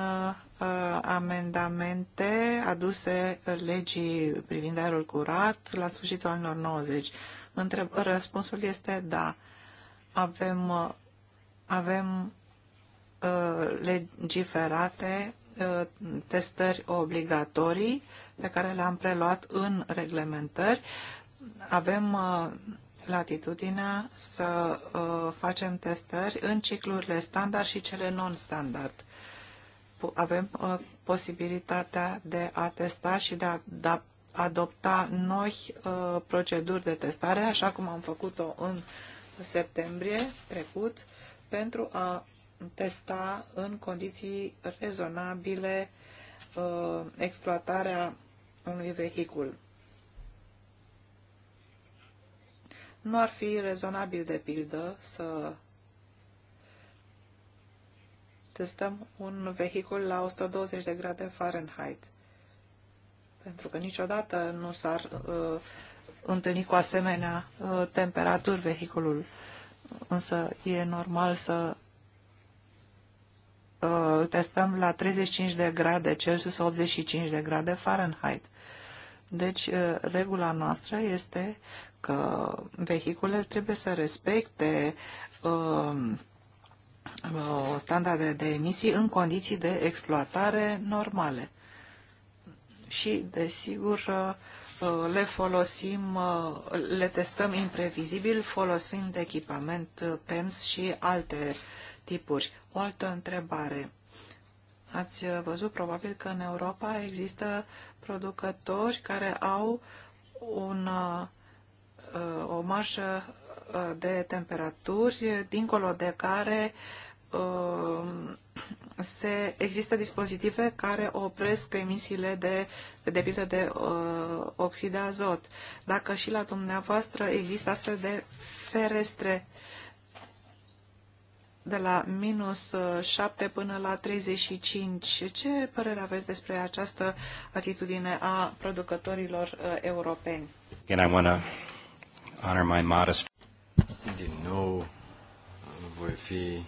amendamente aduse legii privind aerul curat la sfârșitul anilor 90. Întreb, răspunsul este da. Avem avem uh, legiferate uh, testări obligatorii pe care le-am preluat în reglementări. Avem uh, latitudinea să facem testări în ciclurile standard și cele non-standard. Avem posibilitatea de a testa și de a da, adopta noi proceduri de testare, așa cum am făcut-o în septembrie trecut pentru a testa în condiții rezonabile uh, exploatarea unui vehicul. Nu ar fi rezonabil, de pildă, să testăm un vehicul la 120 de grade Fahrenheit, pentru că niciodată nu s-ar uh, întâlni cu asemenea uh, temperaturi vehiculul însă e normal să uh, testăm la 35 de grade Celsius sau 85 de grade Fahrenheit. Deci, uh, regula noastră este că vehiculele trebuie să respecte um, uh, standarde de emisii în condiții de exploatare normale. Și, desigur, uh, Uh, le folosim, uh, le testăm imprevizibil folosind echipament uh, PEMS și alte tipuri. O altă întrebare. Ați văzut probabil că în Europa există producători care au un, o marșă de temperaturi dincolo de care se, există dispozitive care opresc emisiile de, de de uh, oxid de azot. Dacă și la dumneavoastră există astfel de ferestre de la minus 7 uh, până la 35, ce părere aveți despre această atitudine a producătorilor uh, europeni? Again, I honor my modest... Din nou, voi fi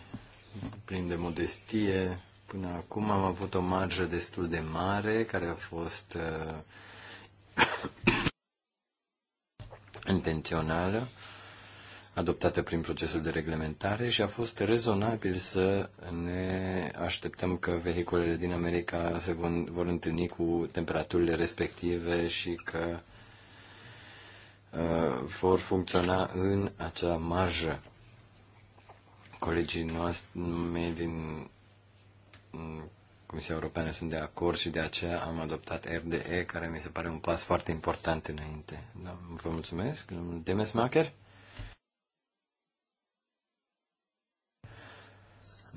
plin de modestie. Până acum am avut o marjă destul de mare care a fost uh, intențională, adoptată prin procesul de reglementare și a fost rezonabil să ne așteptăm că vehiculele din America se vor, vor întâlni cu temperaturile respective și că uh, vor funcționa în acea marjă. Colegii mei din Comisia Europeană sunt de acord și de aceea am adoptat RDE, care mi se pare un pas foarte important înainte. Da, vă mulțumesc, domnul Demesmacher.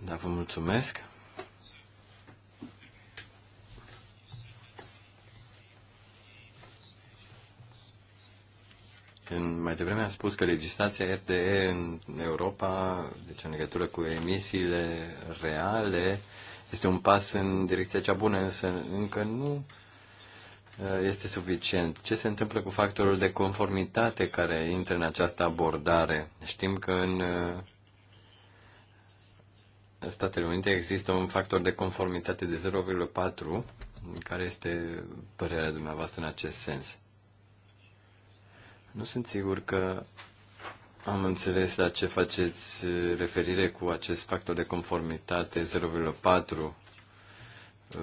Da, vă mulțumesc. Când mai devreme am spus că legislația RDE în Europa, deci în legătură cu emisiile reale, este un pas în direcția cea bună, însă încă nu uh, este suficient. Ce se întâmplă cu factorul de conformitate care intră în această abordare? Știm că în uh, Statele Unite există un factor de conformitate de 0,4. Care este părerea dumneavoastră în acest sens? Nu sunt sigur că am înțeles la ce faceți eh, referire cu acest factor de conformitate 0,4. Eh,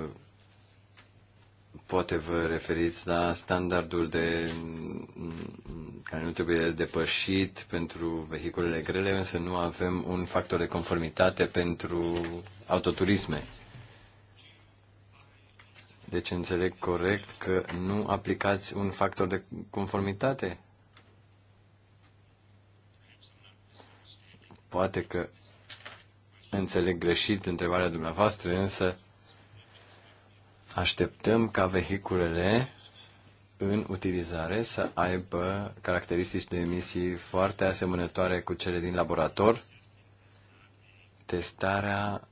poate vă referiți la standardul de, mm, care nu trebuie depășit pentru vehiculele grele, însă nu avem un factor de conformitate pentru autoturisme. Deci înțeleg corect că nu aplicați un factor de conformitate Poate că înțeleg greșit întrebarea dumneavoastră, însă așteptăm ca vehiculele în utilizare să aibă caracteristici de emisii foarte asemănătoare cu cele din laborator. Testarea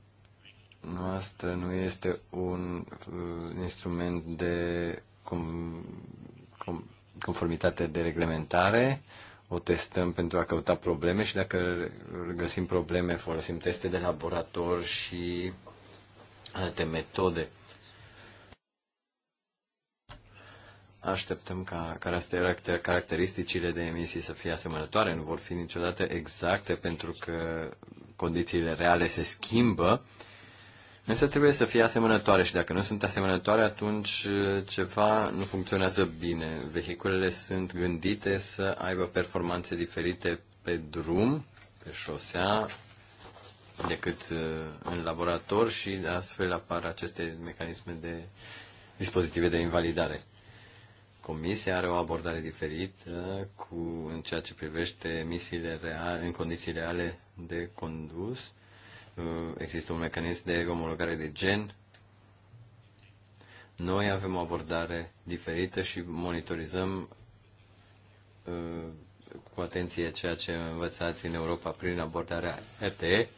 noastră nu este un uh, instrument de conformitate de reglementare, o testăm pentru a căuta probleme și dacă găsim probleme, folosim teste de laborator și alte metode. Așteptăm ca caracteristicile de emisii să fie asemănătoare, nu vor fi niciodată exacte pentru că condițiile reale se schimbă Însă trebuie să fie asemănătoare și dacă nu sunt asemănătoare, atunci uh, ceva nu funcționează bine. Vehiculele sunt gândite să aibă performanțe diferite pe drum, pe șosea, decât uh, în laborator și astfel apar aceste mecanisme de dispozitive de invalidare. Comisia are o abordare diferită cu, în ceea ce privește emisiile reale, în condiții reale de condus Uh, există un mecanism de omologare de gen. Noi avem o abordare diferită și monitorizăm uh, cu atenție ceea ce învățați în Europa prin abordarea RTE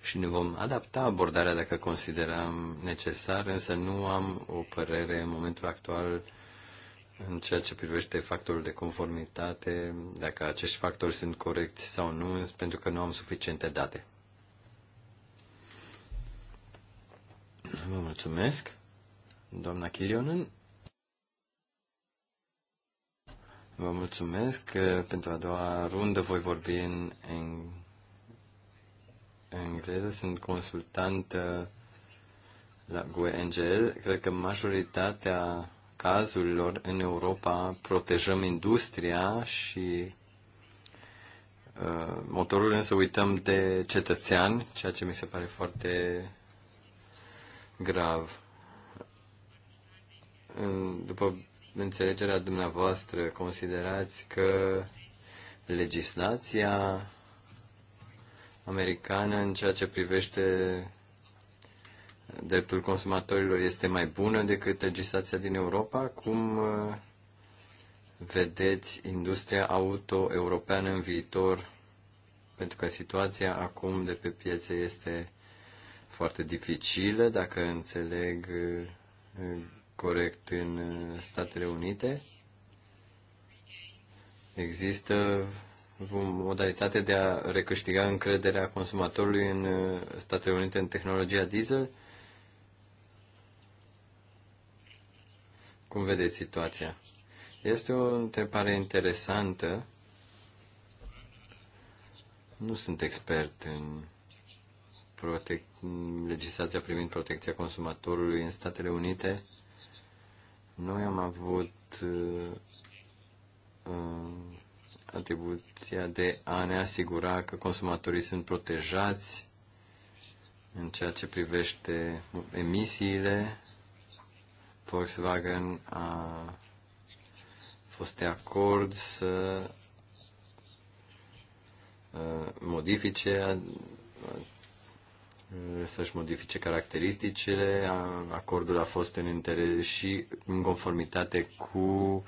și ne vom adapta abordarea dacă considerăm necesar, însă nu am o părere în momentul actual în ceea ce privește factorul de conformitate, dacă acești factori sunt corecți sau nu, pentru că nu am suficiente date. Vă mulțumesc, doamna Chirionen. Vă mulțumesc că pentru a doua rundă voi vorbi în, în engleză. Sunt consultant uh, la GUE Angel. Cred că majoritatea cazurilor în Europa protejăm industria și uh, motorul, însă uităm de cetățean, ceea ce mi se pare foarte grav. După înțelegerea dumneavoastră, considerați că legislația americană în ceea ce privește dreptul consumatorilor este mai bună decât legislația din Europa? Cum uh, vedeți industria auto europeană în viitor? Pentru că situația acum de pe piețe este foarte dificilă, dacă înțeleg uh, corect în uh, Statele Unite. Există o modalitate de a recâștiga încrederea consumatorului în Statele Unite în tehnologia diesel? Cum vedeți situația? Este o întrebare interesantă. Nu sunt expert în protec- legislația privind protecția consumatorului în Statele Unite. Noi am avut uh, uh atribuția de a ne asigura că consumatorii sunt protejați în ceea ce privește emisiile Volkswagen a fost de acord să modifice să-și modifice caracteristicile. Acordul a fost în interes și în conformitate cu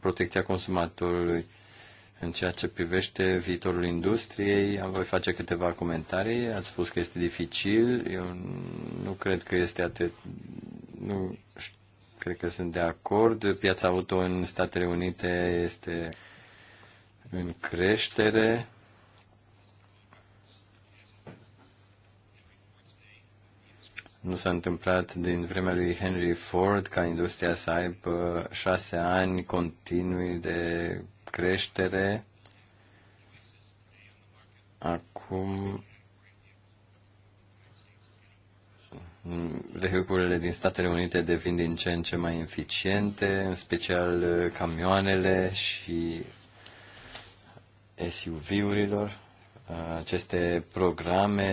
protecția consumatorului. În ceea ce privește viitorul industriei, am voi face câteva comentarii. Ați spus că este dificil. Eu nu cred că este atât. Nu cred că sunt de acord. Piața auto în Statele Unite este în creștere. Nu s-a întâmplat din vremea lui Henry Ford ca industria să aibă șase ani continui de creștere. Acum vehiculele din Statele Unite devin din ce în ce mai eficiente, în special uh, camioanele și SUV-urilor. Aceste programe,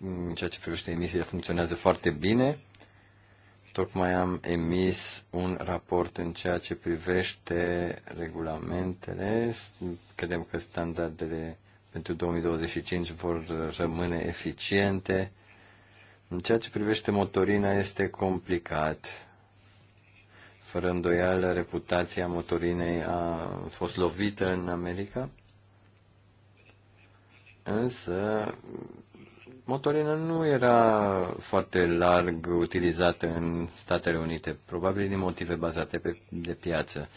în ceea ce privește emisiile, funcționează foarte bine. Tocmai am emis un raport în ceea ce privește regulamentele. Credem că standardele pentru 2025 vor rămâne eficiente. În ceea ce privește motorina este complicat. Fără îndoială, reputația motorinei a fost lovită în America. Însă, motorina nu era foarte larg utilizată în Statele Unite, probabil din motive bazate pe, de piață.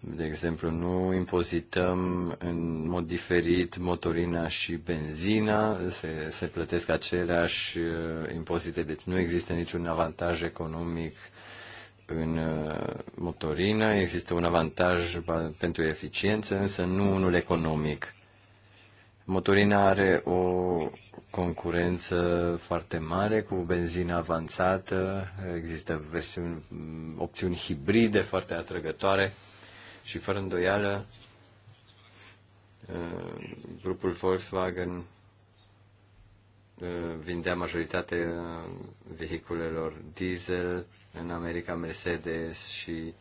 De exemplu, nu impozităm în mod diferit motorina și benzina, se, se plătesc aceleași uh, impozite, deci nu există niciun avantaj economic în uh, motorină, există un avantaj pentru eficiență, însă nu unul economic. Motorina are o concurență foarte mare cu benzină avansată, există versiuni, opțiuni hibride foarte atrăgătoare și fără îndoială uh, grupul Volkswagen uh, vindea majoritatea uh, vehiculelor diesel în America, Mercedes și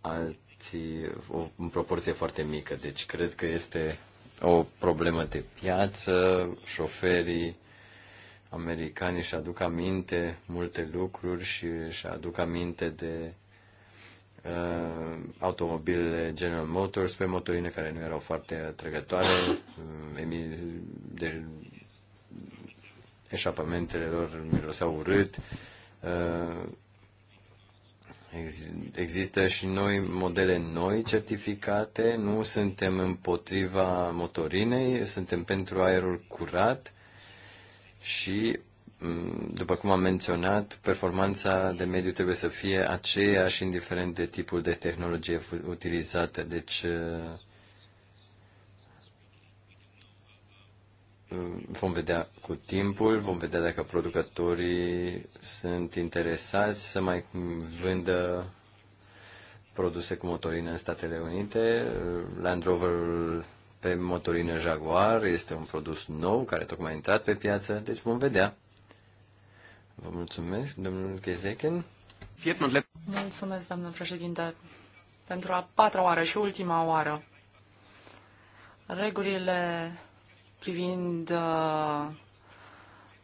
alții, o, în proporție foarte mică. Deci cred că este o problemă de piață, șoferii americani își aduc aminte multe lucruri și își aduc aminte de uh, automobilele General Motors pe motorine care nu erau foarte atrăgătoare, uh, de deci, eșapamentele lor miroseau urât, uh, Există și noi modele noi certificate, nu suntem împotriva motorinei, suntem pentru aerul curat și, mm, după cum am menționat, performanța de mediu trebuie să fie aceeași indiferent de tipul de tehnologie utilizată. Deci vom vedea cu timpul, vom vedea dacă producătorii sunt interesați să mai vândă produse cu motorină în Statele Unite. Land Rover pe motorină Jaguar este un produs nou care tocmai a intrat pe piață, deci vom vedea. Vă mulțumesc, domnul Gezeken. Mulțumesc, domnul președinte, pentru a patra oară și ultima oară. Regulile privind uh,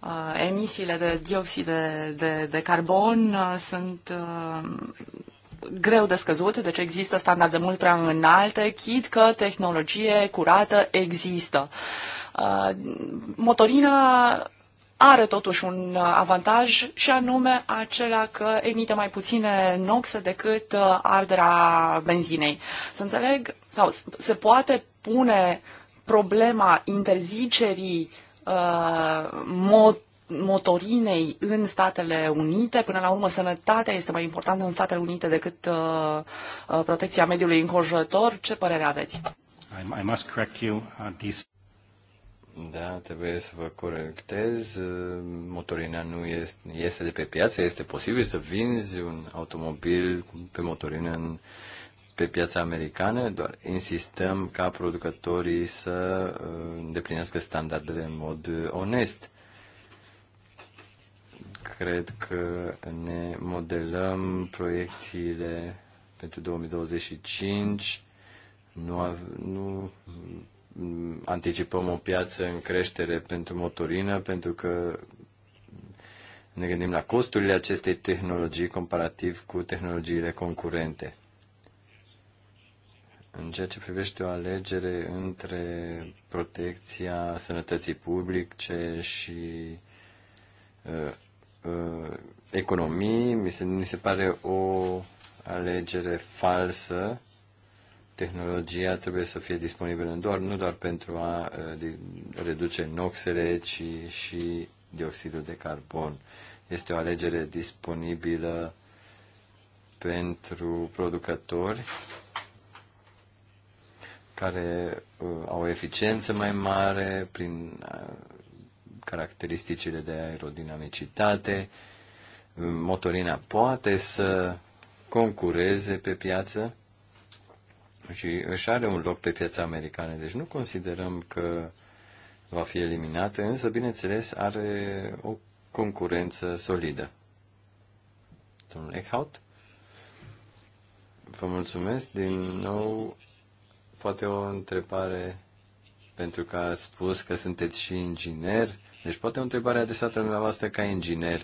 uh, emisiile de dioxid de, de, de carbon uh, sunt uh, greu de scăzut, deci există standarde mult prea înalte, chid că tehnologie curată există. Uh, motorina are totuși un uh, avantaj și anume acela că emite mai puține noxe decât uh, arderea benzinei. Să înțeleg, sau se poate pune problema interzicerii uh, mod motorinei în Statele Unite. Până la urmă, sănătatea este mai importantă în Statele Unite decât uh, uh protecția mediului înconjurător. Ce părere aveți? I, I must correct you on uh, this. Da, trebuie să vă corectez. Uh, motorina nu este, este de pe piață. Este posibil să vinzi un automobil pe motorină în pe piața americană, doar insistăm ca producătorii să uh, îndeplinească standardele în mod onest. Cred că ne modelăm proiecțiile pentru 2025, nu, nu anticipăm o piață în creștere pentru motorină, pentru că ne gândim la costurile acestei tehnologii comparativ cu tehnologiile concurente. În ceea ce privește o alegere între protecția sănătății publice și uh, uh, economii, mi se, mi se pare o alegere falsă. Tehnologia trebuie să fie disponibilă în doar, nu doar pentru a uh, reduce noxele, ci și dioxidul de carbon. Este o alegere disponibilă pentru producători care uh, au eficiență mai mare prin uh, caracteristicile de aerodinamicitate. Uh, motorina poate să concureze pe piață și își are un loc pe piața americană. Deci nu considerăm că va fi eliminată, însă, bineînțeles, are o concurență solidă. Domnul Eckhout? Vă mulțumesc din nou poate o întrebare, pentru că a spus că sunteți și inginer, deci poate o întrebare adresată dumneavoastră ca inginer.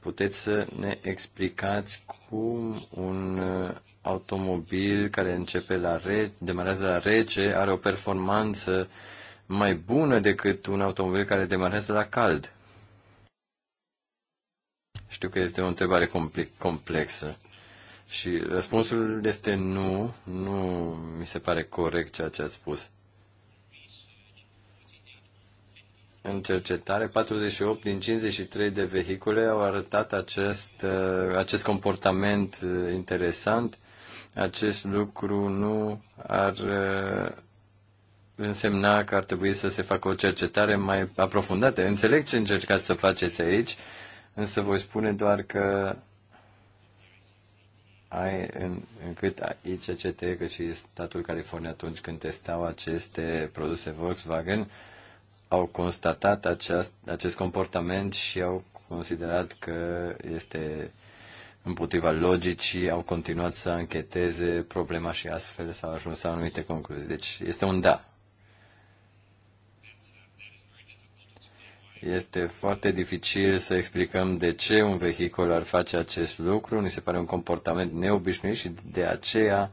Puteți să ne explicați cum un uh, automobil care începe la re- demarează la rece are o performanță mai bună decât un automobil care demarează la cald? Știu că este o întrebare complexă. Și răspunsul este nu, nu mi se pare corect ceea ce ați spus. În cercetare, 48 din 53 de vehicule au arătat acest, uh, acest comportament uh, interesant. Acest lucru nu ar uh, însemna că ar trebui să se facă o cercetare mai aprofundată. Înțeleg ce încercați să faceți aici, însă voi spune doar că încât ICCT, cât și statul California atunci când testau aceste produse Volkswagen, au constatat aceast, acest comportament și au considerat că este împotriva logicii, au continuat să încheteze problema și astfel s-au ajuns la anumite concluzii. Deci este un da. Este foarte dificil să explicăm de ce un vehicul ar face acest lucru. Ni se pare un comportament neobișnuit și de aceea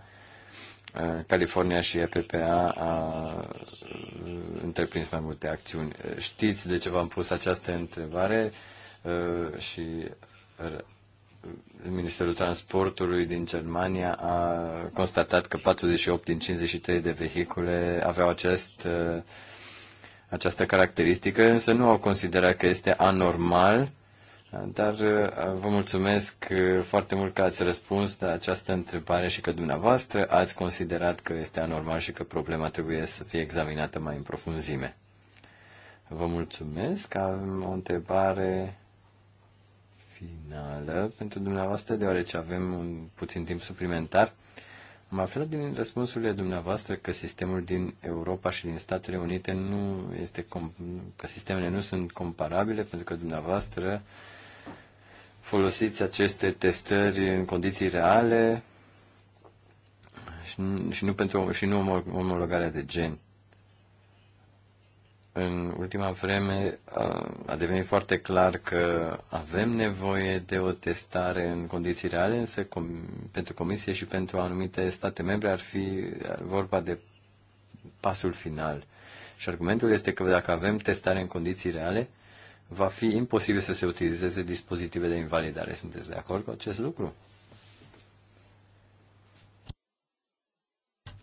uh, California și EPPA a uh, întreprins mai multe acțiuni. Știți de ce v-am pus această întrebare uh, și Ministerul Transportului din Germania a constatat că 48 din 53 de vehicule aveau acest uh, această caracteristică, însă nu au considerat că este anormal, dar uh, vă mulțumesc uh, foarte mult că ați răspuns la această întrebare și că dumneavoastră ați considerat că este anormal și că problema trebuie să fie examinată mai în profunzime. Vă mulțumesc. Avem o întrebare finală pentru dumneavoastră, deoarece avem un puțin timp suplimentar. Am aflat din răspunsurile dumneavoastră că sistemul din Europa și din Statele Unite nu este, că sistemele nu sunt comparabile pentru că dumneavoastră folosiți aceste testări în condiții reale și nu, pentru, și nu omologarea de gen în ultima vreme a devenit foarte clar că avem nevoie de o testare în condiții reale, însă com- pentru Comisie și pentru anumite state membre ar fi vorba de pasul final. Și argumentul este că dacă avem testare în condiții reale, va fi imposibil să se utilizeze dispozitive de invalidare. Sunteți de acord cu acest lucru?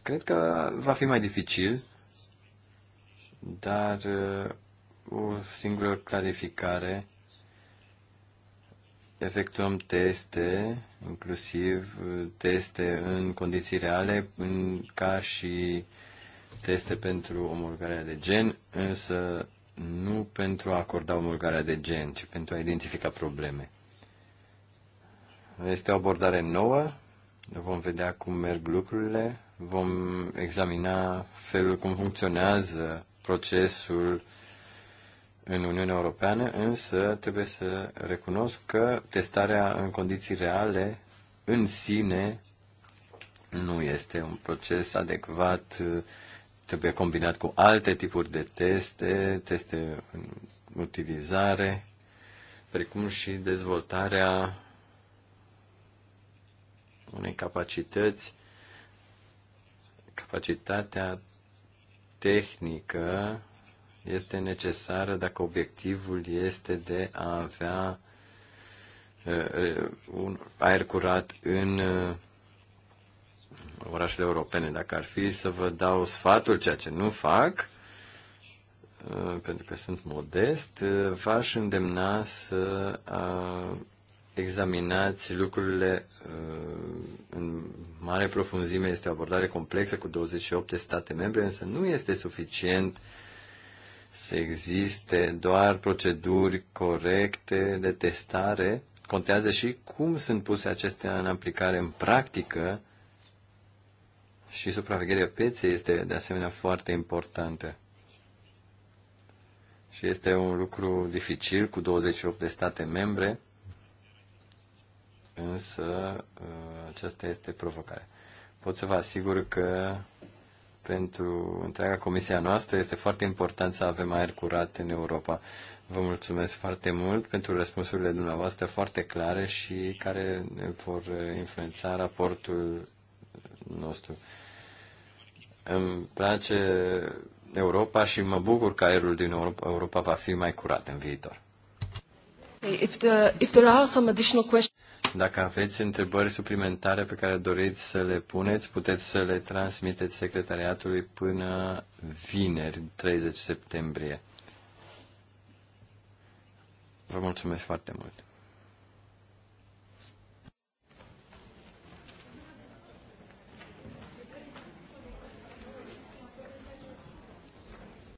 Cred că va fi mai dificil dar uh, o singură clarificare. Efectuăm teste, inclusiv uh, teste în condiții reale, în, ca și teste pentru omologarea de gen, însă nu pentru a acorda omologarea de gen, ci pentru a identifica probleme. Este o abordare nouă, vom vedea cum merg lucrurile, vom examina felul cum funcționează procesul în Uniunea Europeană, însă trebuie să recunosc că testarea în condiții reale în sine nu este un proces adecvat, trebuie combinat cu alte tipuri de teste, teste în utilizare, precum și dezvoltarea unei capacități, capacitatea tehnică este necesară dacă obiectivul este de a avea uh, uh, un aer curat în uh, orașele europene. Dacă ar fi să vă dau sfatul, ceea ce nu fac, pentru că sunt modest, v-aș îndemna să examinați lucrurile uh, în mare profunzime. Este o abordare complexă cu 28 de state membre, însă nu este suficient să existe doar proceduri corecte de testare. Contează și cum sunt puse acestea în aplicare în practică și supravegherea pieței este de asemenea foarte importantă. Și este un lucru dificil cu 28 de state membre însă ă, aceasta este provocarea. Pot să vă asigur că pentru întreaga comisia noastră este foarte important să avem aer curat în Europa. Vă mulțumesc foarte mult pentru răspunsurile dumneavoastră foarte clare și care ne vor influența raportul nostru. Îmi place Europa și mă bucur că aerul din Europa, Europa va fi mai curat în viitor. If, the, if there are some additional questions... Dacă aveți întrebări suplimentare pe care doriți să le puneți, puteți să le transmiteți secretariatului până vineri, 30 septembrie. Vă mulțumesc foarte mult!